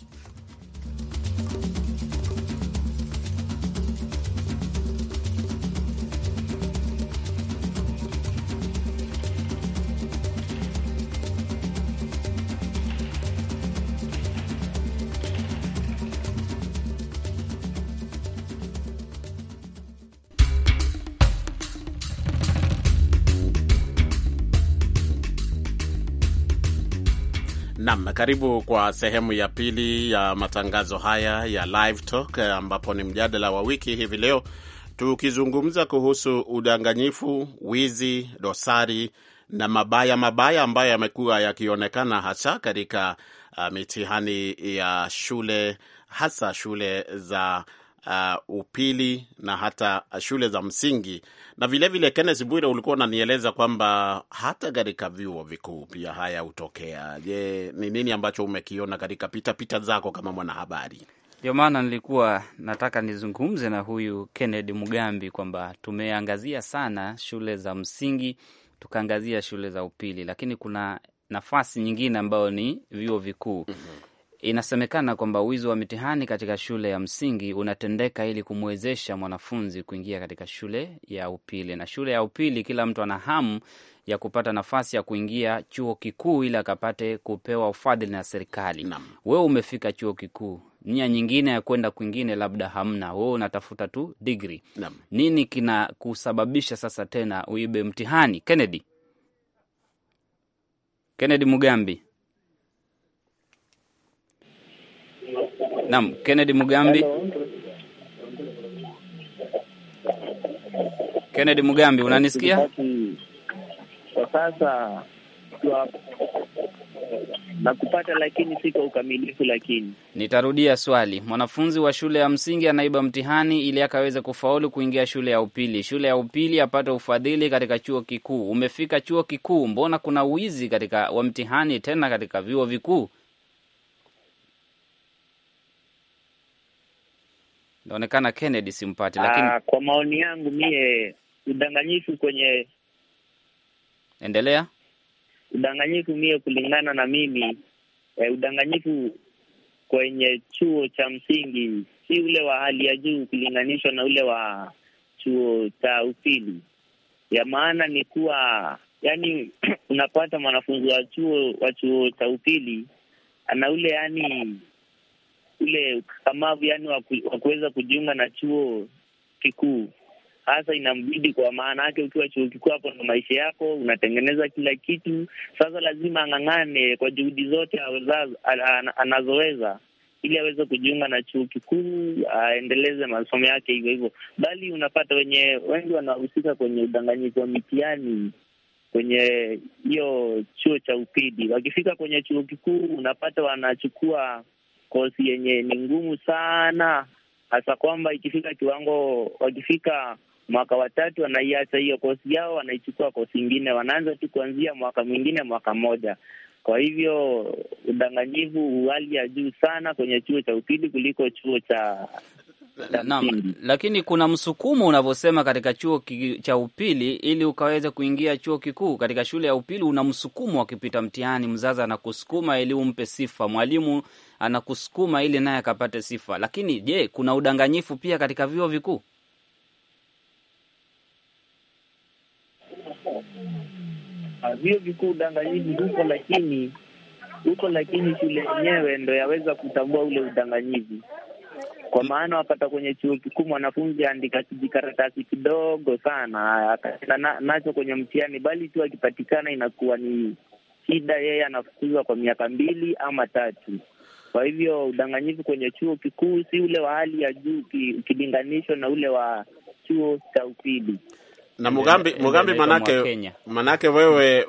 Nam, karibu kwa sehemu ya pili ya matangazo haya ya Live Talk, eh, ambapo ni mjadala wa wiki hivi leo, tukizungumza kuhusu udanganyifu, wizi, dosari na mabaya mabaya ambayo yamekuwa yakionekana hasa katika uh, mitihani ya shule hasa shule za uh, upili na hata shule za msingi, na vilevile, Kenneth Bwire, ulikuwa unanieleza kwamba hata katika vyuo vikuu pia haya hutokea. Je, ni nini ambacho umekiona katika pitapita zako kama mwanahabari? Ndio maana nilikuwa nataka nizungumze na huyu Kennedy Mugambi kwamba tumeangazia sana shule za msingi, tukaangazia shule za upili, lakini kuna nafasi nyingine ambayo ni vyuo vikuu. mm -hmm. Inasemekana kwamba wizi wa mitihani katika shule ya msingi unatendeka ili kumwezesha mwanafunzi kuingia katika shule ya upili, na shule ya upili kila mtu ana hamu ya kupata nafasi ya kuingia chuo kikuu ili akapate kupewa ufadhili na serikali. Wewe umefika chuo kikuu, nia nyingine ya kwenda kwingine labda hamna, wewe unatafuta tu digri. Nini kinakusababisha sasa tena uibe mtihani? Kennedy, Kennedy Mugambi. Naam, Kennedy Mugambi. Kennedy Mugambi, unanisikia? Kwa sasa nakupata, lakini si kwa ukamilifu. Lakini nitarudia swali. Mwanafunzi wa shule ya msingi anaiba mtihani ili akaweze kufaulu kuingia shule ya upili, shule ya upili apate ufadhili katika chuo kikuu. Umefika chuo kikuu, mbona kuna wizi katika wa mtihani tena katika vyuo vikuu? Inaonekana Kennedy simpati, ah, lakini aa, kwa maoni yangu mie udanganyifu kwenye endelea udanganyifu mie kulingana na mimi e, udanganyifu kwenye chuo cha msingi si ule wa hali ya juu kulinganishwa na ule wa chuo cha upili. Ya maana ni kuwa yani unapata mwanafunzi wa chuo wa chuo cha upili ana ule yani ule kamavu, yani wa kuweza kujiunga na chuo kikuu hasa inambidi, kwa maana yake ukiwa chuo kikuu hapo na maisha yako, unatengeneza kila kitu. Sasa lazima ang'ang'ane kwa juhudi zote anazoweza ili aweze kujiunga na chuo kikuu, aendeleze masomo yake hivyo hivyo, bali unapata wenye wengi wanahusika kwenye udanganyifu wa mitihani kwenye hiyo chuo cha upili. Wakifika kwenye chuo kikuu, unapata wanachukua kosi yenye ni ngumu sana, hasa kwamba ikifika kiwango, wakifika mwaka watatu wanaiacha hiyo kosi yao, wanaichukua kosi ingine, wanaanza tu kuanzia mwaka mwingine, mwaka mmoja. Kwa hivyo udanganyivu hali ya juu sana kwenye chuo cha upili kuliko chuo cha Naam, mm. lakini kuna msukumo unavyosema katika chuo cha upili ili ukaweze kuingia chuo kikuu. Katika shule ya upili una msukumo, akipita mtihani mzazi anakusukuma ili umpe sifa, mwalimu anakusukuma ili naye akapate sifa. Lakini je, kuna udanganyifu pia katika vyuo vikuu? Ah, vyuo vikuu udanganyifu huko, lakini huko, lakini shule yenyewe ndo yaweza kutambua ule udanganyifu kwa maana wapata kwenye chuo kikuu mwanafunzi aandika kijikaratasi kidogo sana akaenda na, nacho kwenye mtihani, bali tu akipatikana inakuwa ni shida, yeye anafukuzwa kwa miaka mbili ama tatu. Kwa hivyo udanganyifu kwenye chuo kikuu si ule wa hali ya juu ukilinganishwa na ule wa chuo cha upili na Mugambi, Mugambi manake, manake wewe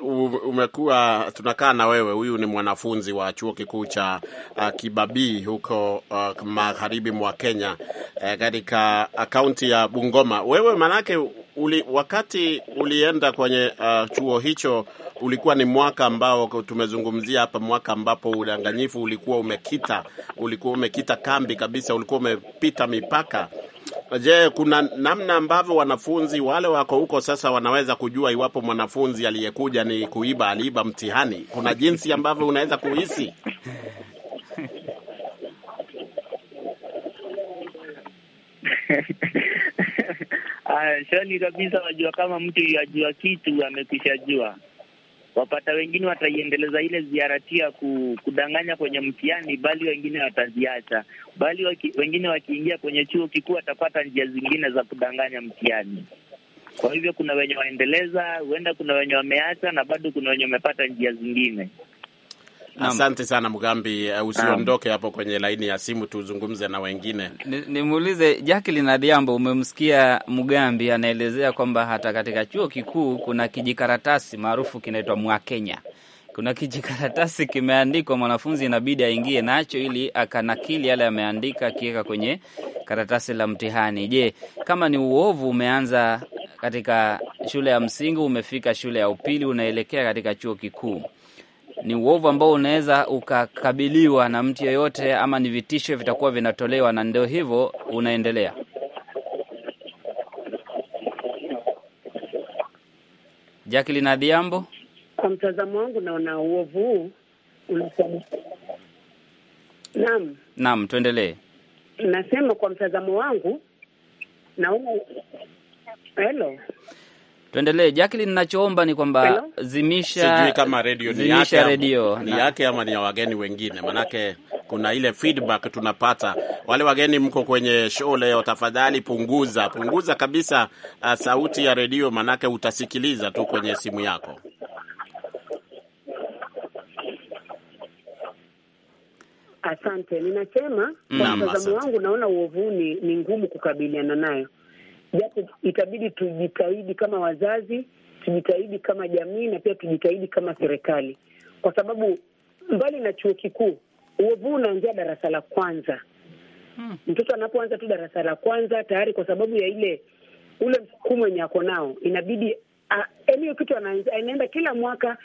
umekuwa tunakaa na wewe, huyu ni mwanafunzi wa chuo kikuu cha uh, Kibabii huko uh, magharibi mwa Kenya uh, katika uh, kaunti ya Bungoma. Wewe manake uli, wakati ulienda kwenye uh, chuo hicho ulikuwa ni mwaka ambao tumezungumzia hapa, mwaka ambapo udanganyifu ulikuwa umekita, ulikuwa umekita kambi kabisa, ulikuwa umepita mipaka Je, kuna namna ambavyo wanafunzi wale wako huko sasa wanaweza kujua iwapo mwanafunzi aliyekuja ni kuiba aliiba mtihani? Kuna jinsi ambavyo unaweza kuhisi? Shani kabisa, wajua kama mtu yajua kitu amekisha jua wapata wengine wataiendeleza ile ziaratia ya kudanganya kwenye mtihani, bali wengine wataziacha, bali waki, wengine wakiingia kwenye chuo kikuu watapata njia zingine za kudanganya mtihani. Kwa hivyo kuna wenye waendeleza, huenda kuna wenye wameacha, na bado kuna wenye wamepata njia zingine. Asante sana Mgambi, uh, usiondoke hapo kwenye laini ya simu, tuzungumze na wengine. Nimuulize Jacqueline Adiambo, umemsikia Mgambi anaelezea kwamba hata katika chuo kikuu kuna kijikaratasi maarufu kinaitwa Mwakenya. Kuna kijikaratasi kimeandikwa, mwanafunzi inabidi aingie nacho ili akanakili yale ameandika, akiweka kwenye karatasi la mtihani. Je, kama ni uovu umeanza katika shule ya msingi, umefika shule ya upili, unaelekea katika chuo kikuu ni uovu ambao unaweza ukakabiliwa na mtu yeyote, ama ni vitisho vitakuwa vinatolewa, na ndio hivyo unaendelea. Jacqueline Adhiambo, kwa mtazamo wangu naona uovu huu unasema. Naam, naam, tuendelee. Nasema kwa mtazamo wangu naona, hello Tuendelee Jacqueline, ninachoomba ni kwamba zimisha, sijui kama redio ni yake, redio ni yake ama ni ya wageni wengine, manake kuna ile feedback tunapata. Wale wageni mko kwenye show leo, tafadhali punguza punguza kabisa uh, sauti ya redio, manake utasikiliza tu kwenye simu yako. Asante, ninasema kwa mtazamo wangu, naona uovuni ni ngumu kukabiliana nayo japo itabidi tujitahidi kama wazazi, tujitahidi kama jamii, na pia tujitahidi kama serikali, kwa sababu mbali na chuo kikuu, uovu unaanzia darasa la kwanza. Hmm. Mtoto anapoanza tu darasa la kwanza tayari, kwa sababu ya ile ule msukumo wenye ako nao, inabidi yaani hiyo kitu anaenda kila mwaka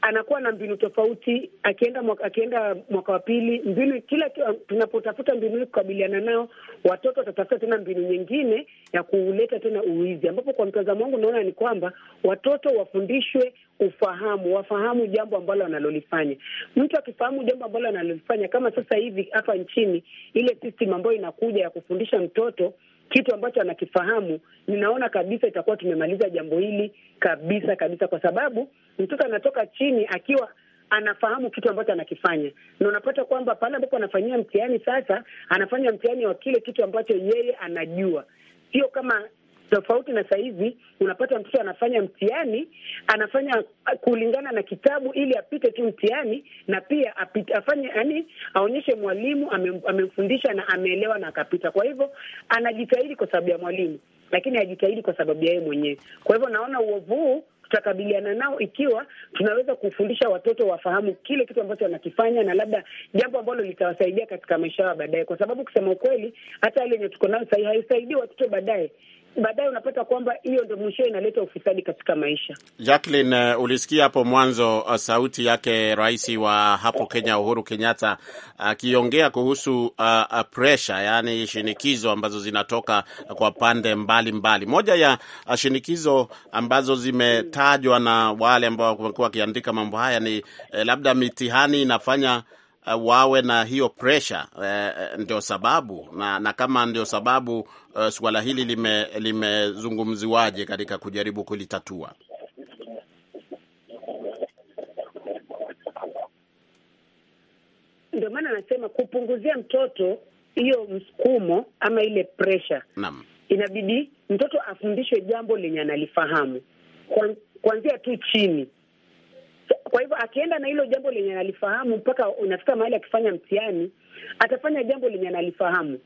anakuwa na mbinu tofauti akienda mwaka, akienda mwaka wa pili mbinu. Kila tunapotafuta mbinu hii kukabiliana nao, watoto watatafuta tena mbinu nyingine ya kuleta tena uwizi, ambapo kwa mtazamo wangu naona ni kwamba watoto wafundishwe ufahamu, wafahamu jambo ambalo analolifanya. Mtu akifahamu jambo ambalo analolifanya, kama sasa hivi hapa nchini ile system ambayo inakuja ya kufundisha mtoto kitu ambacho anakifahamu, ninaona kabisa itakuwa tumemaliza jambo hili kabisa kabisa, kwa sababu mtoto anatoka chini akiwa anafahamu kitu ambacho anakifanya, na unapata kwamba pale ambapo anafanyia mtihani sasa, anafanya mtihani wa kile kitu ambacho yeye anajua, sio kama tofauti na sahizi, unapata mtoto anafanya mtihani, anafanya uh, kulingana na kitabu ili apite tu mtihani, na pia apite, afanye yani, aonyeshe mwalimu amemfundisha na ameelewa na akapita. Kwa hivyo anajitahidi kwa sababu ya mwalimu, lakini hajitahidi kwa sababu ya yeye mwenyewe. Kwa hivyo naona uovu huu tutakabiliana nao ikiwa tunaweza kufundisha watoto wafahamu kile kitu ambacho wanakifanya, na labda jambo ambalo litawasaidia katika maisha yao baadaye, kwa sababu kusema ukweli, hata yale yenye tuko nayo sahii haisaidii watoto baadaye baadaye unapata kwamba hiyo ndio mwisho inaleta ufisadi katika maisha. Jacqueline, eh, ulisikia hapo mwanzo uh, sauti yake rais wa hapo Kenya Uhuru Kenyatta akiongea uh, kuhusu uh, pressure, yani shinikizo ambazo zinatoka kwa pande mbalimbali mbali. Moja ya uh, shinikizo ambazo zimetajwa na wale ambao wamekuwa wakiandika mambo haya ni eh, labda mitihani inafanya uh, wawe na hiyo presha uh, eh, eh, ndio sababu na, na kama ndio sababu uh, suala hili limezungumziwaje lime katika kujaribu kulitatua? Ndio maana anasema kupunguzia mtoto hiyo msukumo ama ile presha Naam, inabidi mtoto afundishwe jambo lenye analifahamu kuanzia tu chini kwa hivyo akienda na hilo jambo lenye analifahamu, mpaka unafika mahali akifanya mtihani, atafanya jambo lenye analifahamu.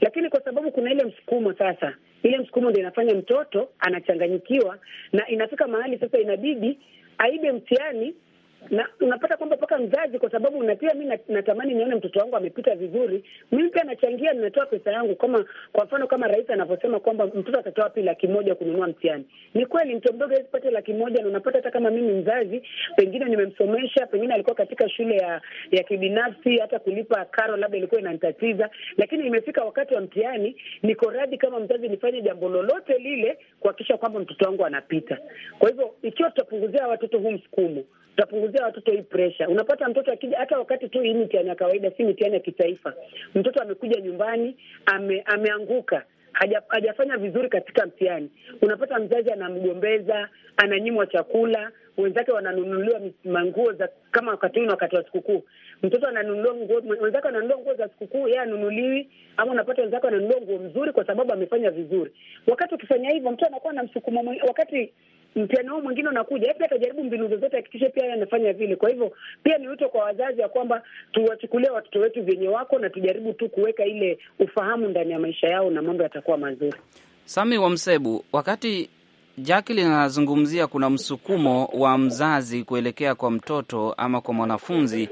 Lakini kwa sababu kuna ile msukumo sasa, ile msukumo ndio inafanya mtoto anachanganyikiwa, na inafika mahali sasa inabidi aibe mtihani na unapata kwamba mpaka mzazi, kwa sababu na pia mi natamani nione mtoto wangu amepita vizuri, mimi pia nachangia, ninatoa pesa yangu. Kama kwa mfano kama rais anavyosema kwamba mtoto atatoa wapi laki moja kununua mtihani, ni kweli, mtoto mdogo hawezi pata laki moja. Na unapata hata kama mimi mzazi, pengine nimemsomesha, pengine alikuwa katika shule ya ya kibinafsi, hata kulipa karo labda ilikuwa inanitatiza, lakini imefika wakati wa mtihani, niko radhi kama mzazi nifanye jambo lolote lile kuhakikisha kwamba mtoto wangu anapita. Kwa hivyo ikiwa tutapunguzia watoto huu msukumo, tutapunguzia tunawapunguzia watoto hii presha. Unapata mtoto akija, hata wakati tu hii mitihani ya kawaida, si mitihani ya kitaifa, mtoto amekuja nyumbani ame, ameanguka haja, hajafanya vizuri katika mtihani, unapata mzazi anamgombeza, ananyimwa chakula, wenzake wananunuliwa manguo za kama wakati na wakati wa sikukuu, mtoto ananunuliwa nguo, wenzake wananunua nguo za sikukuu, yeye anunuliwi, ama unapata wenzake wananunuliwa nguo mzuri kwa sababu amefanya vizuri. Wakati ukifanya hivyo, mtu anakuwa na msukumo, wakati mtihani huu mwingine unakuja, pia atajaribu mbinu zozote hakikishe pia yeye anafanya vile. Kwa hivyo pia ni wito kwa wazazi ya kwamba tuwachukulie watoto wetu vyenye wako na tujaribu tu kuweka ile ufahamu ndani ya maisha yao na mambo yatakuwa mazuri. Sami wa Msebu, wakati Jacqueline anazungumzia kuna msukumo wa mzazi kuelekea kwa mtoto ama kwa mwanafunzi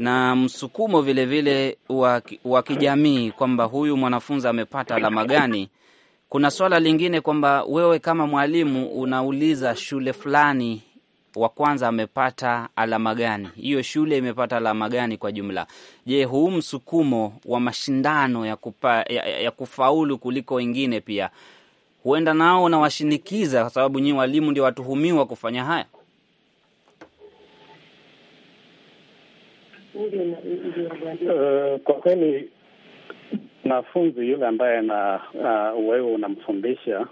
na msukumo vilevile wa kijamii kwamba huyu mwanafunzi amepata alama gani kuna swala lingine kwamba wewe kama mwalimu unauliza shule fulani wa kwanza amepata alama gani, hiyo shule imepata alama gani kwa jumla. Je, huu msukumo wa mashindano ya, kupa, ya, ya kufaulu kuliko wengine pia huenda nao unawashinikiza, kwa sababu nyinyi walimu ndio watuhumiwa kufanya haya? Uh, kwa kweli Mwanafunzi yule ambaye na uh, wewe unamfundisha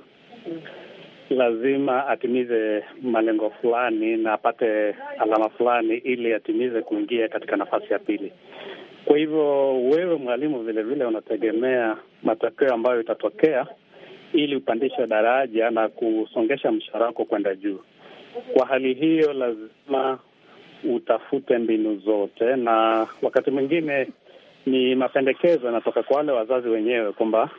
lazima atimize malengo fulani na apate alama fulani ili atimize kuingia katika nafasi ya pili. Kwa hivyo wewe mwalimu vilevile unategemea matokeo ambayo itatokea ili upandishwe daraja na kusongesha mshahara wako kwenda juu. Kwa hali hiyo, lazima utafute mbinu zote, na wakati mwingine ni mapendekezo yanatoka kwa wale wazazi wenyewe kwamba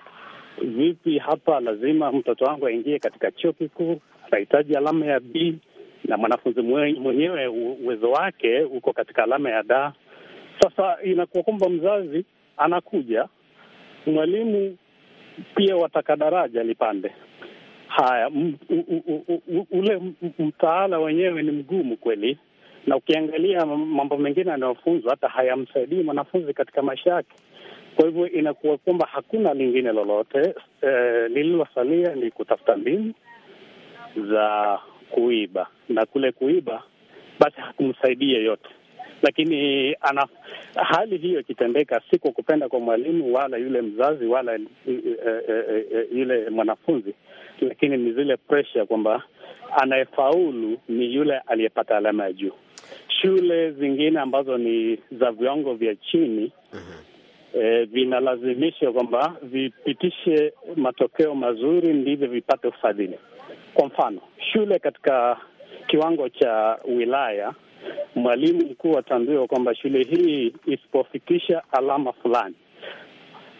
vipi, hapa lazima mtoto wangu aingie katika chuo kikuu, atahitaji alama ya B na mwanafunzi mwenyewe uwezo wake uko katika alama ya da. Sasa inakuwa kwamba mzazi anakuja, mwalimu pia wataka daraja lipande. Haya, ule mtaala wenyewe ni mgumu kweli na ukiangalia mambo mengine anayofunzwa hata hayamsaidii mwanafunzi katika maisha yake. Kwa hivyo inakuwa kwamba hakuna lingine lolote eh, lililosalia ni kutafuta mbinu za kuiba, na kule kuiba basi hakumsaidii yeyote. Lakini ana hali hiyo ikitendeka, si kwa kupenda kwa mwalimu wala yule mzazi wala e, e, e, e yule mwanafunzi, lakini ni zile presha kwamba anayefaulu ni yule aliyepata alama ya juu shule zingine ambazo ni za viwango vya chini uh mhm. -huh. e, eh, vinalazimishwa kwamba vipitishe matokeo mazuri ndivyo vipate ufadhili. Kwa mfano, shule katika kiwango cha wilaya, mwalimu mkuu atambiwa kwamba shule hii isipofikisha alama fulani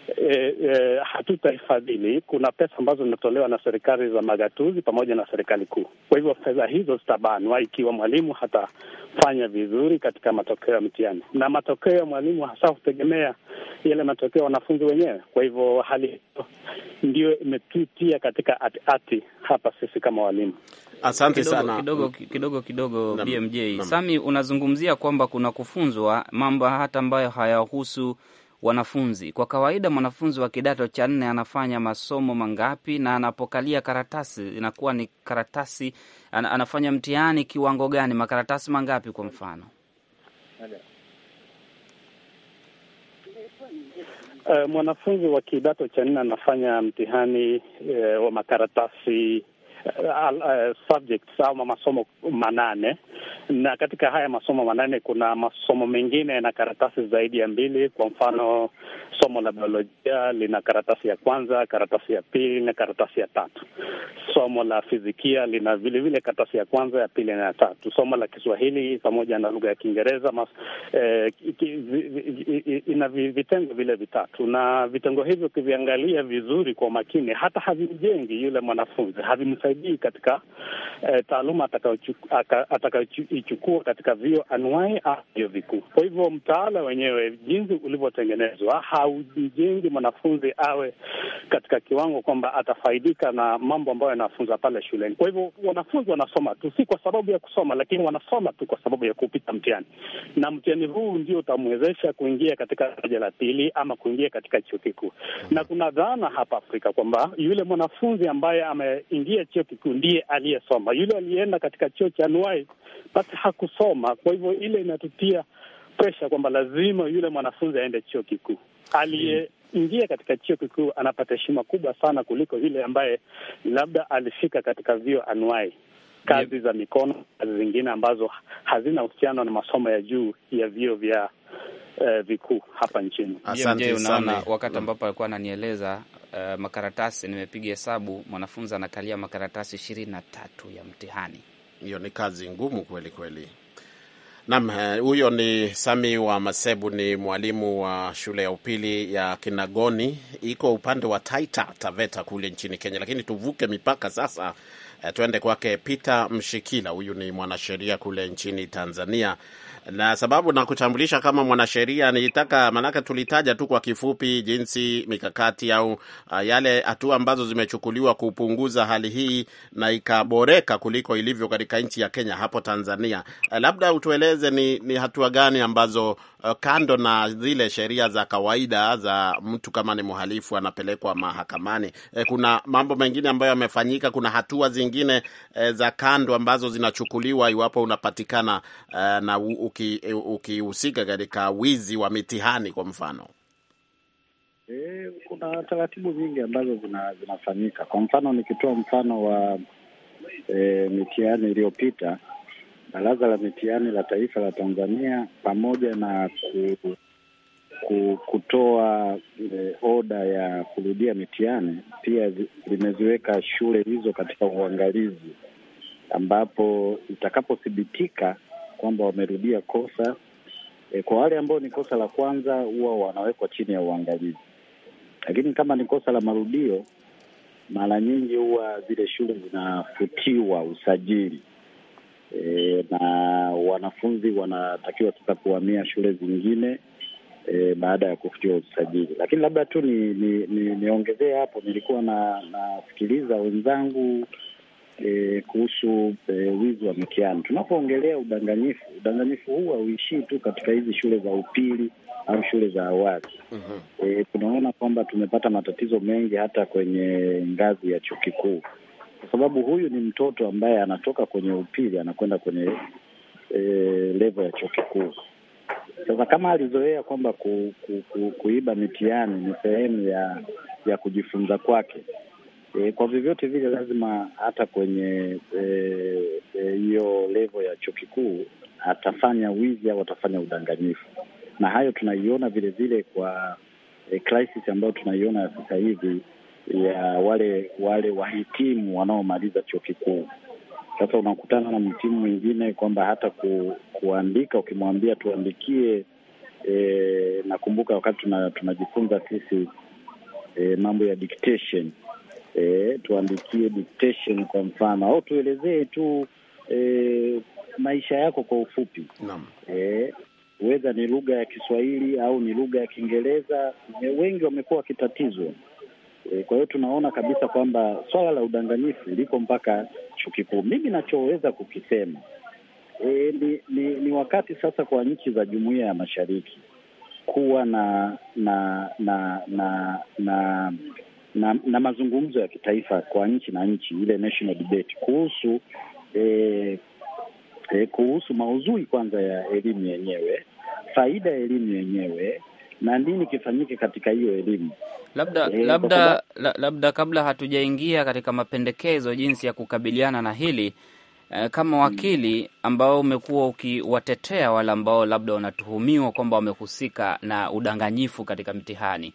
e, e, hatutahifadhili. Kuna pesa ambazo zinatolewa na serikali za magatuzi pamoja na serikali kuu. Kwa hivyo fedha hizo zitabanwa ikiwa mwalimu hatafanya vizuri katika matokeo ya mtihani, na matokeo ya mwalimu hasa hutegemea yale matokeo ya wanafunzi wenyewe. Kwa hivyo hali ndiyo imetutia katika ati-ati hapa sisi kama walimu. Asante sana kidogo kidogo kidogo. BMJ Sami, unazungumzia kwamba kuna kufunzwa mambo hata ambayo hayahusu wanafunzi. Kwa kawaida mwanafunzi wa kidato cha nne anafanya masomo mangapi, na anapokalia karatasi inakuwa ni karatasi, anafanya mtihani kiwango gani, makaratasi mangapi kwa mfano? Uh, mwanafunzi wa kidato cha nne anafanya mtihani uh, wa makaratasi uh, subjects ama masomo manane, na katika haya masomo manane kuna masomo mengine na karatasi zaidi ya mbili. Kwa mfano, somo la biolojia lina karatasi ya kwanza, karatasi ya pili na karatasi ya tatu. Somo la fizikia lina vilevile karatasi ya kwanza, ya pili na ya tatu. Somo la Kiswahili pamoja na lugha ya Kiingereza eh, ina vitengo vile vitatu, na vitengo hivyo ukiviangalia vizuri kwa makini, hata havimjengi yule mwanafunzi, havimsaidi bidii katika eh, taaluma atakayoichukua katika vio anuai au vio vikuu. Kwa hivyo mtaala wenyewe jinsi ulivyotengenezwa haumjengi mwanafunzi awe katika kiwango kwamba atafaidika na mambo ambayo yanafunza pale shuleni. Kwa hivyo wanafunzi wanasoma tu, si kwa sababu ya kusoma, lakini wanasoma tu kwa sababu ya kupita mtihani, na mtihani huu ndio utamwezesha kuingia katika daraja la pili ama kuingia katika chuo kikuu. Na kuna dhana hapa Afrika kwamba yule mwanafunzi ambaye ameingia chuo kikuu ndiye aliyesoma. Yule aliyeenda katika chuo cha anuai basi hakusoma, kwa hivyo ile inatutia presha kwamba lazima yule mwanafunzi aende chuo kikuu. Aliyeingia katika chuo kikuu anapata heshima kubwa sana kuliko yule ambaye labda alifika katika vyuo anuai kazi yep, za mikono, kazi zingine ambazo hazina uhusiano na masomo ya juu ya vyuo vya Eh, vikuu hapa nchini. Asante. sana. wakati ambapo alikuwa ananieleza uh, makaratasi, nimepiga hesabu, mwanafunzi anakalia makaratasi ishirini na tatu ya mtihani. Hiyo ni kazi ngumu kweli kweli. Naam, eh, huyo ni Sami wa Masebu, ni mwalimu wa shule ya upili ya Kinagoni, iko upande wa Taita Taveta kule nchini Kenya. Lakini tuvuke mipaka sasa, tuende kwake Peter Mshikila. Huyu ni mwanasheria kule nchini Tanzania, na sababu na kutambulisha kama mwanasheria, nilitaka maanake, tulitaja tu kwa kifupi jinsi mikakati au uh, yale hatua ambazo zimechukuliwa kupunguza hali hii na ikaboreka kuliko ilivyo katika nchi ya Kenya hapo Tanzania. Uh, labda utueleze ni, ni hatua gani ambazo Eh, kando na zile sheria za kawaida za mtu kama ni mhalifu anapelekwa mahakamani, e, kuna mambo mengine ambayo yamefanyika. Kuna hatua zingine e, za kando ambazo zinachukuliwa iwapo unapatikana e, na ukihusika uki katika wizi wa mitihani kwa mfano. E, kuna taratibu nyingi ambazo zina, zinafanyika. Kwa mfano nikitoa mfano wa e, mitihani iliyopita Baraza la Mitihani la Taifa la Tanzania pamoja na ku, ku, kutoa e, oda ya kurudia mitihani pia limeziweka shule hizo katika uangalizi, ambapo itakapothibitika kwamba wamerudia kosa e, kwa wale ambao ni kosa la kwanza huwa wanawekwa chini ya uangalizi, lakini kama ni kosa la marudio, mara nyingi huwa zile shule zinafutiwa usajili e, na wanafunzi wanatakiwa sasa kuhamia shule zingine e, baada ya kufutiwa usajili. Lakini labda tu niongezee ni, ni, ni hapo, nilikuwa nasikiliza na wenzangu E, kuhusu e, wizi wa mitihani. Tunapoongelea udanganyifu, udanganyifu huu hauishii tu katika hizi shule za upili au shule za awali. Uh-huh. E, tunaona kwamba tumepata matatizo mengi hata kwenye ngazi ya chuo kikuu kwa sababu huyu ni mtoto ambaye anatoka kwenye upili anakwenda kwenye e, levo ya chuo kikuu. Sasa kama alizoea kwamba ku, ku, ku, kuiba mitihani ni sehemu ya ya kujifunza kwake, e, kwa vyovyote vile lazima hata kwenye hiyo e, e, levo ya chuo kikuu atafanya wizi au atafanya udanganyifu, na hayo tunaiona vilevile kwa e, crisis ambayo tunaiona sasa hivi ya wale wale wahitimu wanaomaliza chuo kikuu. Sasa unakutana na mhitimu mwingine kwamba hata ku, kuandika ukimwambia tuandikie e, nakumbuka wakati tuna, tunajifunza sisi e, mambo ya dictation e, tuandikie dictation kwa mfano au tuelezee tu e, maisha yako kwa ufupi naam. E, weza ni lugha ya Kiswahili au ni lugha ya Kiingereza. Wengi wamekuwa wakitatizwa E, kwa hiyo tunaona kabisa kwamba swala la udanganyifu liko mpaka chuo kikuu. Mimi nachoweza kukisema e, ni, ni ni wakati sasa kwa nchi za jumuiya ya mashariki kuwa na na na na na, na, na mazungumzo ya kitaifa kwa nchi na nchi, ile national debate kuhusu e, e, kuhusu maudhui kwanza ya elimu yenyewe, faida ya elimu yenyewe na nini kifanyike katika hiyo elimu. Labda e, labda la, labda kabla hatujaingia katika mapendekezo jinsi ya kukabiliana na hili eh, kama hmm. wakili ambao umekuwa ukiwatetea wale ambao labda wanatuhumiwa kwamba wamehusika na udanganyifu katika mtihani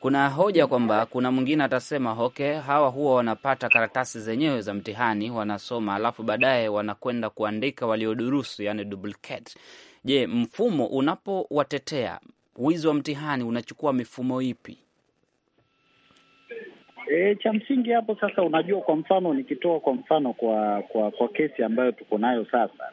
kuna hoja kwamba kuna mwingine atasema okay, hawa huwa wanapata karatasi zenyewe za mtihani wanasoma, alafu baadaye wanakwenda kuandika waliodurusu, yani duplicate. Je, mfumo unapowatetea wizi wa mtihani unachukua mifumo ipi? E, cha msingi hapo sasa, unajua, kwa mfano nikitoa kwa mfano kwa kwa kwa kesi ambayo tuko nayo sasa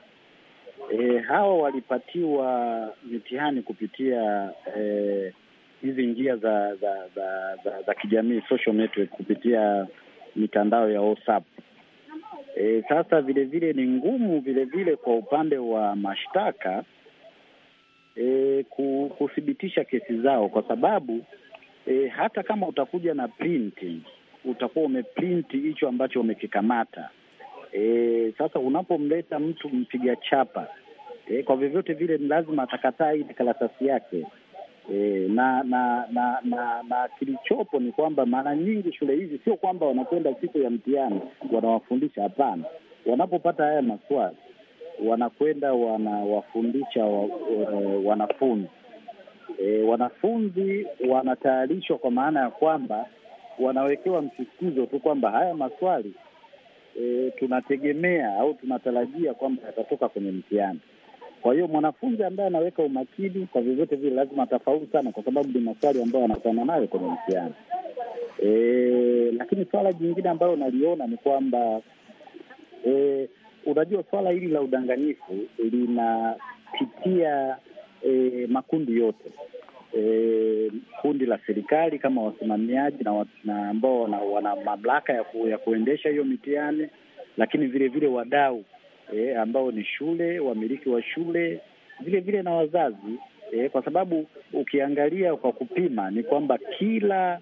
e, hawa walipatiwa mitihani kupitia e, hizi njia za za za, za, za kijamii social network, kupitia mitandao ya WhatsApp. E, sasa vilevile ni ngumu vilevile kwa upande wa mashtaka e, kuthibitisha kesi zao, kwa sababu e, hata kama utakuja na printi, utakuwa umeprinti hicho ambacho umekikamata. E, sasa unapomleta mtu mpiga chapa e, kwa vyovyote vile lazima atakataa hii karatasi yake. E, na na na na, na kilichopo ni kwamba mara nyingi shule hizi sio kwamba wanakwenda siku ya mtihani wanawafundisha, hapana. Wanapopata haya maswali wanakwenda wanawafundisha wa, wanafunzi e, wanafunzi wanatayarishwa kwa maana ya kwamba wanawekewa msisitizo tu kwamba haya maswali e, tunategemea au tunatarajia kwamba yatatoka kwenye mtihani. Kwa hiyo mwanafunzi ambaye anaweka umakini kwa vyovyote vile lazima atafaulu sana, kwa sababu ni maswali ambayo anakutana nayo kwenye mtihani e, lakini swala jingine ambalo naliona ni kwamba e, Unajua, swala hili la udanganyifu linapitia e, makundi yote e, kundi la serikali kama wasimamiaji na, ambao wana, wana mamlaka ya, ku, ya kuendesha hiyo mitihani, lakini vilevile wadau e, ambao ni shule, wamiliki wa shule, vilevile na wazazi e, kwa sababu ukiangalia kwa kupima ni kwamba kila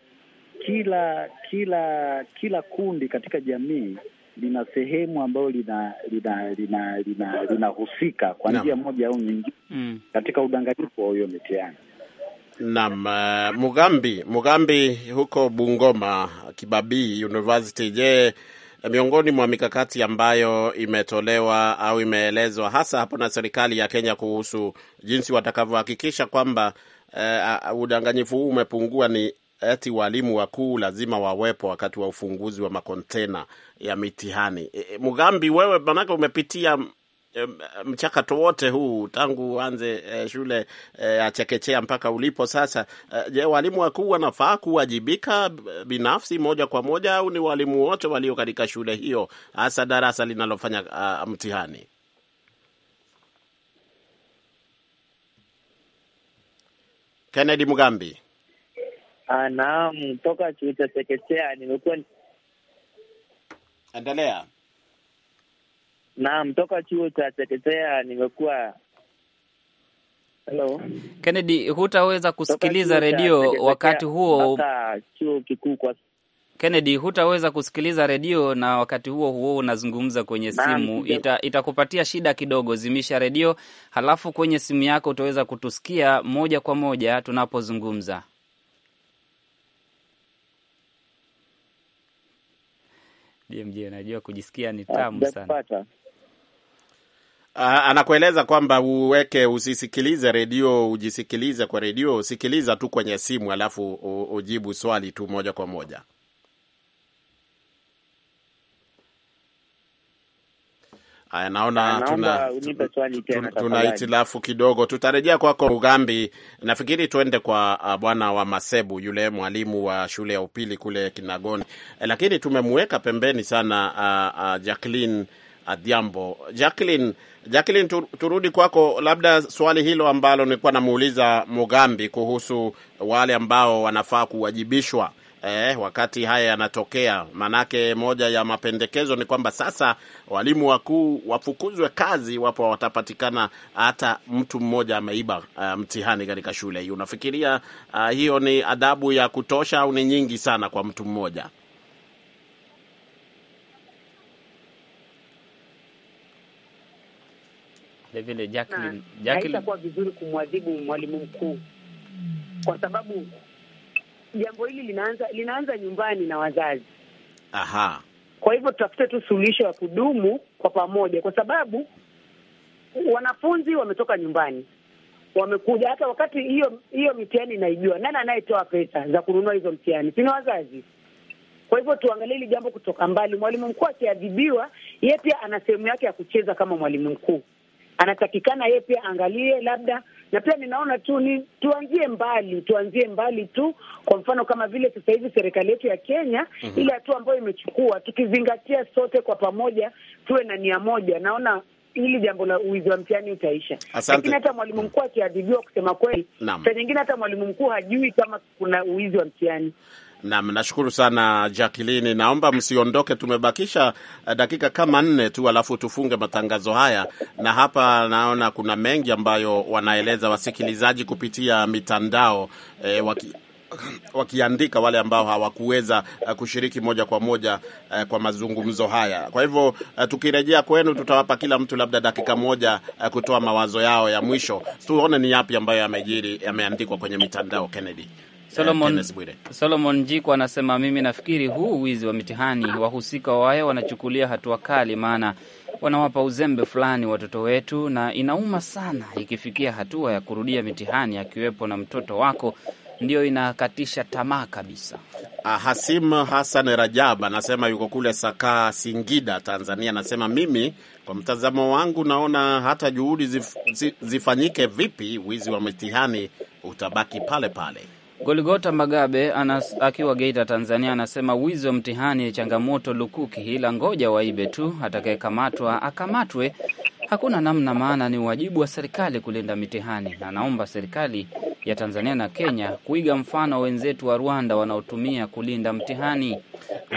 kila kila kila kundi katika jamii lina sehemu ambayo linahusika lina, lina, lina, lina kwa njia moja au nyingine mm. katika udanganyifu wa huyo mitihani. Naam, uh, Mugambi Mugambi huko Bungoma Kibabii University. Je, miongoni mwa mikakati ambayo imetolewa au imeelezwa hasa hapo na serikali ya Kenya kuhusu jinsi watakavyohakikisha kwamba uh, udanganyifu huu umepungua ni eti walimu wakuu lazima wawepo wakati wa ufunguzi wa makontena ya mitihani. E, e Mugambi wewe, manake umepitia e, mchakato wote huu tangu uanze e, shule e, ya e, chekechea mpaka ulipo sasa. E, je, walimu wakuu wanafaa kuwajibika binafsi moja kwa moja au ni walimu wote walio katika shule hiyo, hasa darasa linalofanya mtihani? Kennedy Mugambi. Ah, naam, toka chuo cha chekechea nimekuwa endelea. Naam, toka chuo cha chekechea nimekuwa Hello. Kennedy, hutaweza kusikiliza redio wakati huo chuo kikuu kwa Kennedy, hutaweza kusikiliza redio na wakati huo huo unazungumza kwenye simu, itakupatia shida kidogo. Zimisha redio, halafu kwenye simu yako utaweza kutusikia moja kwa moja tunapozungumza. JMJ, najua kujisikia ni ah, tamu sana. Ah, anakueleza kwamba uweke, usisikilize redio, ujisikilize kwa redio, usikiliza tu kwenye simu, alafu ujibu swali tu moja kwa moja. Haya, naona tuna, tuna, hitilafu kidogo. Tutarejea kwako Rugambi. Nafikiri tuende kwa uh, bwana wa Masebu, yule mwalimu wa shule ya upili kule Kinagoni, eh, lakini tumemweka pembeni sana uh, uh, Jacqueline Adhiambo. Uh, Jacqueline, Jacqueline, turudi kwako, labda swali hilo ambalo nilikuwa namuuliza Mugambi kuhusu wale ambao wanafaa kuwajibishwa eh, wakati haya yanatokea. Maanake moja ya mapendekezo ni kwamba sasa walimu wakuu wafukuzwe kazi wapo watapatikana hata mtu mmoja ameiba uh, mtihani katika shule hii. Unafikiria uh, hiyo ni adhabu ya kutosha au ni nyingi sana kwa mtu mmoja? Vile Jacqueline, Jacqueline, haitakuwa vizuri kumwadhibu mwalimu mkuu kwa sababu jambo hili linaanza linaanza nyumbani na wazazi. Aha. Kwa hivyo tutafute tu suluhisho ya kudumu kwa pamoja, kwa sababu wanafunzi wametoka nyumbani, wamekuja. Hata wakati hiyo hiyo mitihani inaijua nani anayetoa pesa za kununua hizo mtihani? sina wazazi? Kwa hivyo tuangalie hili jambo kutoka mbali. Mwalimu mkuu akiadhibiwa, yeye pia ana sehemu yake ya kucheza kama mwalimu mkuu anatakikana yeye pia angalie labda na pia ninaona tu ni tuanzie mbali, tuanzie mbali tu. Kwa mfano kama vile sasa hivi serikali yetu ya Kenya mm -hmm. ile hatua ambayo imechukua, tukizingatia sote kwa pamoja, tuwe na nia moja, naona hili jambo la uwizi wa mtihani utaisha. Lakini hata mwalimu mkuu akiadhibiwa, kusema kweli, saa nyingine hata mwalimu mkuu hajui kama kuna uwizi wa mtihani. Naam, nashukuru sana Jacqueline. Naomba msiondoke, tumebakisha eh, dakika kama nne tu, alafu tufunge matangazo haya. Na hapa naona kuna mengi ambayo wanaeleza wasikilizaji kupitia mitandao e, waki wakiandika wale ambao hawakuweza eh, kushiriki moja kwa moja kwa mazungumzo haya. Kwa hivyo tukirejea kwenu, tutawapa kila mtu labda dakika moja kutoa mawazo yao ya mwisho. Tuone ni yapi ambayo yamejiri, yameandikwa kwenye mitandao. Kennedy. Eh, Solomon, Solomon Jiko anasema mimi nafikiri huu wizi wa mitihani wahusika wayo wanachukulia hatua kali, maana wanawapa uzembe fulani watoto wetu, na inauma sana ikifikia hatua ya kurudia mitihani akiwepo na mtoto wako ndio inakatisha tamaa kabisa. Ah, Hasim Hassan Rajab anasema yuko kule Sakaa, Singida, Tanzania. Anasema mimi kwa mtazamo wangu naona hata juhudi zif, zifanyike vipi, wizi wa mitihani utabaki pale pale. Goligota Magabe anas, akiwa Geita, Tanzania, anasema wizi wa mtihani ni changamoto lukuki, ila ngoja waibe tu, atakayekamatwa akamatwe Hakuna namna, maana ni wajibu wa serikali kulinda mitihani, na naomba serikali ya Tanzania na Kenya kuiga mfano wenzetu wa Rwanda wanaotumia kulinda mtihani.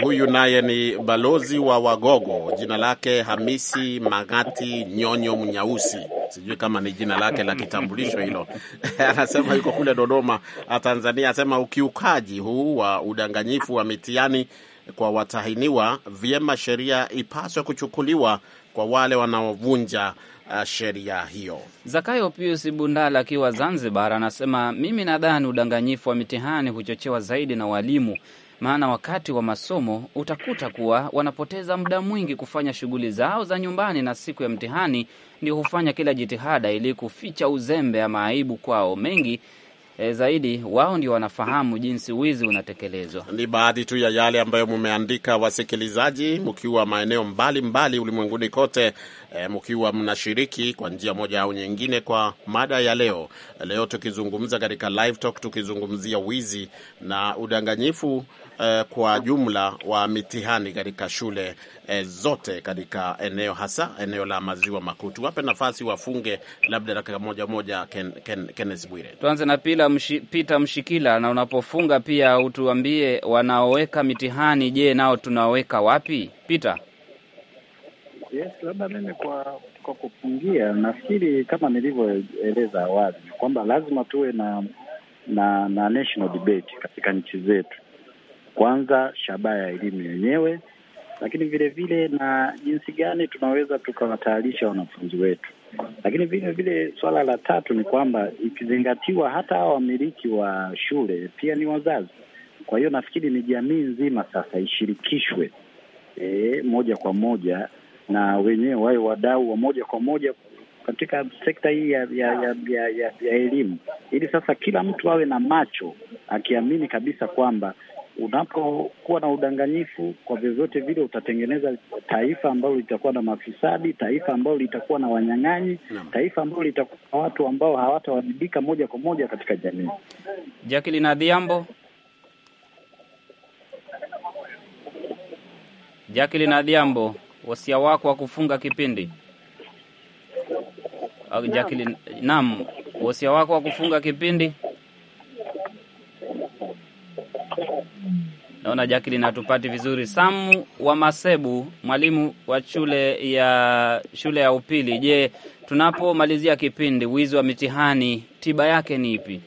Huyu naye ni balozi wa Wagogo, jina lake Hamisi Magati Nyonyo Mnyausi, sijui kama ni jina lake la kitambulisho hilo. Anasema yuko kule Dodoma, Tanzania. Anasema ukiukaji huu wa udanganyifu wa mitihani kwa watahiniwa vyema, sheria ipaswe kuchukuliwa kwa wale wanaovunja uh, sheria hiyo. Zakayo Pius Bundala akiwa Zanzibar anasema mimi nadhani udanganyifu wa mitihani huchochewa zaidi na walimu, maana wakati wa masomo utakuta kuwa wanapoteza muda mwingi kufanya shughuli zao za nyumbani, na siku ya mtihani ndio hufanya kila jitihada ili kuficha uzembe ama aibu kwao mengi e, zaidi wao ndio wanafahamu jinsi wizi unatekelezwa. Ni baadhi tu ya yale ambayo mumeandika, wasikilizaji, mkiwa maeneo mbalimbali ulimwenguni kote e, mkiwa mnashiriki kwa njia moja au nyingine kwa mada ya leo. Leo tukizungumza katika live talk, tukizungumzia wizi na udanganyifu e, kwa jumla wa mitihani katika shule e, zote katika eneo hasa eneo la maziwa makuu. Tuwape nafasi wafunge labda dakika moja moja. Ken, Ken, Kenneth Bwire, tuanze na pila mshi, pita Mshikila, na unapofunga pia utuambie wanaoweka mitihani, je, nao tunaweka wapi Peter? Yes, labda mimi kwa kwa kufungia, nafikiri kama nilivyoeleza awali kwamba lazima tuwe na na na national debate katika nchi zetu, kwanza shabaha ya elimu yenyewe, lakini vile vile na jinsi gani tunaweza tukawatayarisha wanafunzi wetu. Lakini vile vile suala la tatu ni kwamba ikizingatiwa hata hawa wamiliki wa shule pia ni wazazi. Kwa hiyo nafikiri ni jamii nzima sasa ishirikishwe e, moja kwa moja na wenyewe wawe wadau wa moja kwa moja katika sekta hii ya ya ya, ya, ya, ya elimu, ili sasa kila mtu awe na macho akiamini kabisa kwamba unapokuwa na udanganyifu kwa vyovyote vile utatengeneza taifa ambalo litakuwa na mafisadi, taifa ambalo litakuwa na wanyang'anyi, taifa ambalo litakuwa na watu ambao hawatawajibika moja kwa moja katika jamii. Jacqueline Adhiambo, Jacqueline Adhiambo wasia wako wa kufunga kipindi Jacqueline. Naam, wasia wako wa kufunga kipindi. Naona Jacqueline hatupati vizuri. Samu wa Masebu, mwalimu wa shule ya shule ya upili. Je, tunapomalizia kipindi, wizi wa mitihani tiba yake ni ipi?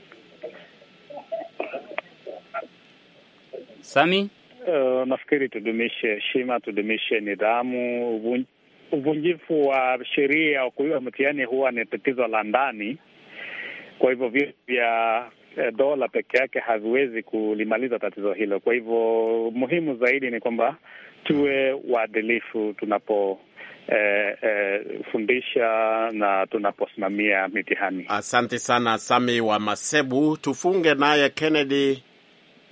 Sami Uh, eh, nafikiri tudumishe heshima, tudumishe nidhamu. Uvunjifu wa sheria wa mtihani huwa ni tatizo la ndani, kwa hivyo vyuo vya eh, dola peke yake haviwezi kulimaliza tatizo hilo. Kwa hivyo muhimu zaidi ni kwamba tuwe waadilifu tunapo Eh, eh, fundisha na tunaposimamia mitihani. Asante sana Sami wa Masebu. Tufunge naye Kennedy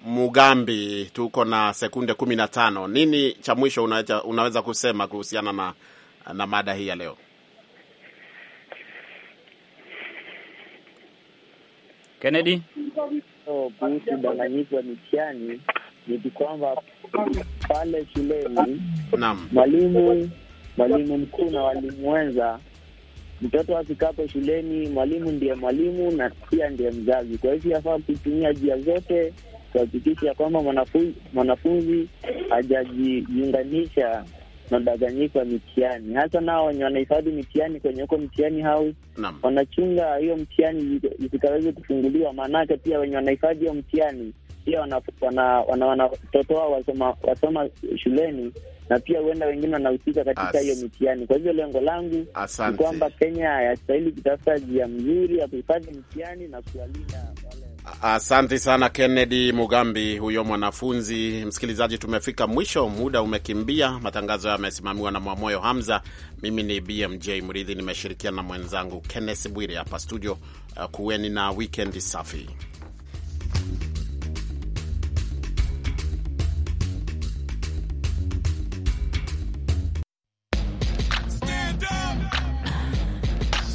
Mugambi, tuko na sekunde kumi na tano. Nini cha mwisho unaweza, unaweza kusema kuhusiana na, na mada hii ya leo? Kennedy, kuhusu udanganyifu wa mitihani ni kwamba pale shuleni, naam, mwalimu mwalimu mkuu na walimu wenza, mtoto afikapo shuleni, mwalimu ndiye mwalimu na pia ndiye mzazi. Kwa hivyo afaa kutumia njia zote kuhakikisha ya kwamba mwanafunzi hajajiunganisha na udanganyifu wa mitihani, hasa nao wenye wanahifadhi mitihani kwenye huko mtihani house wanachunga hiyo mtihani zikaweze kufunguliwa, maanake pia wenye wanahifadhi hiyo mtihani pia wana watoto wao wasoma, wasoma shuleni na pia huenda wengine wanahusika katika hiyo mitihani. Kwa hivyo lengo langu ni kwamba Kenya yastahili kutafuta njia mzuri ya kuhifadhi mtiani na kuwalinda wale Asante sana Kennedy Mugambi, huyo mwanafunzi. Msikilizaji, tumefika mwisho, muda umekimbia. Matangazo yamesimamiwa na Mwamoyo Hamza. Mimi ni BMJ Mridhi, nimeshirikiana na mwenzangu Kenneth Bwire hapa studio. Uh, kuweni na wikendi safi.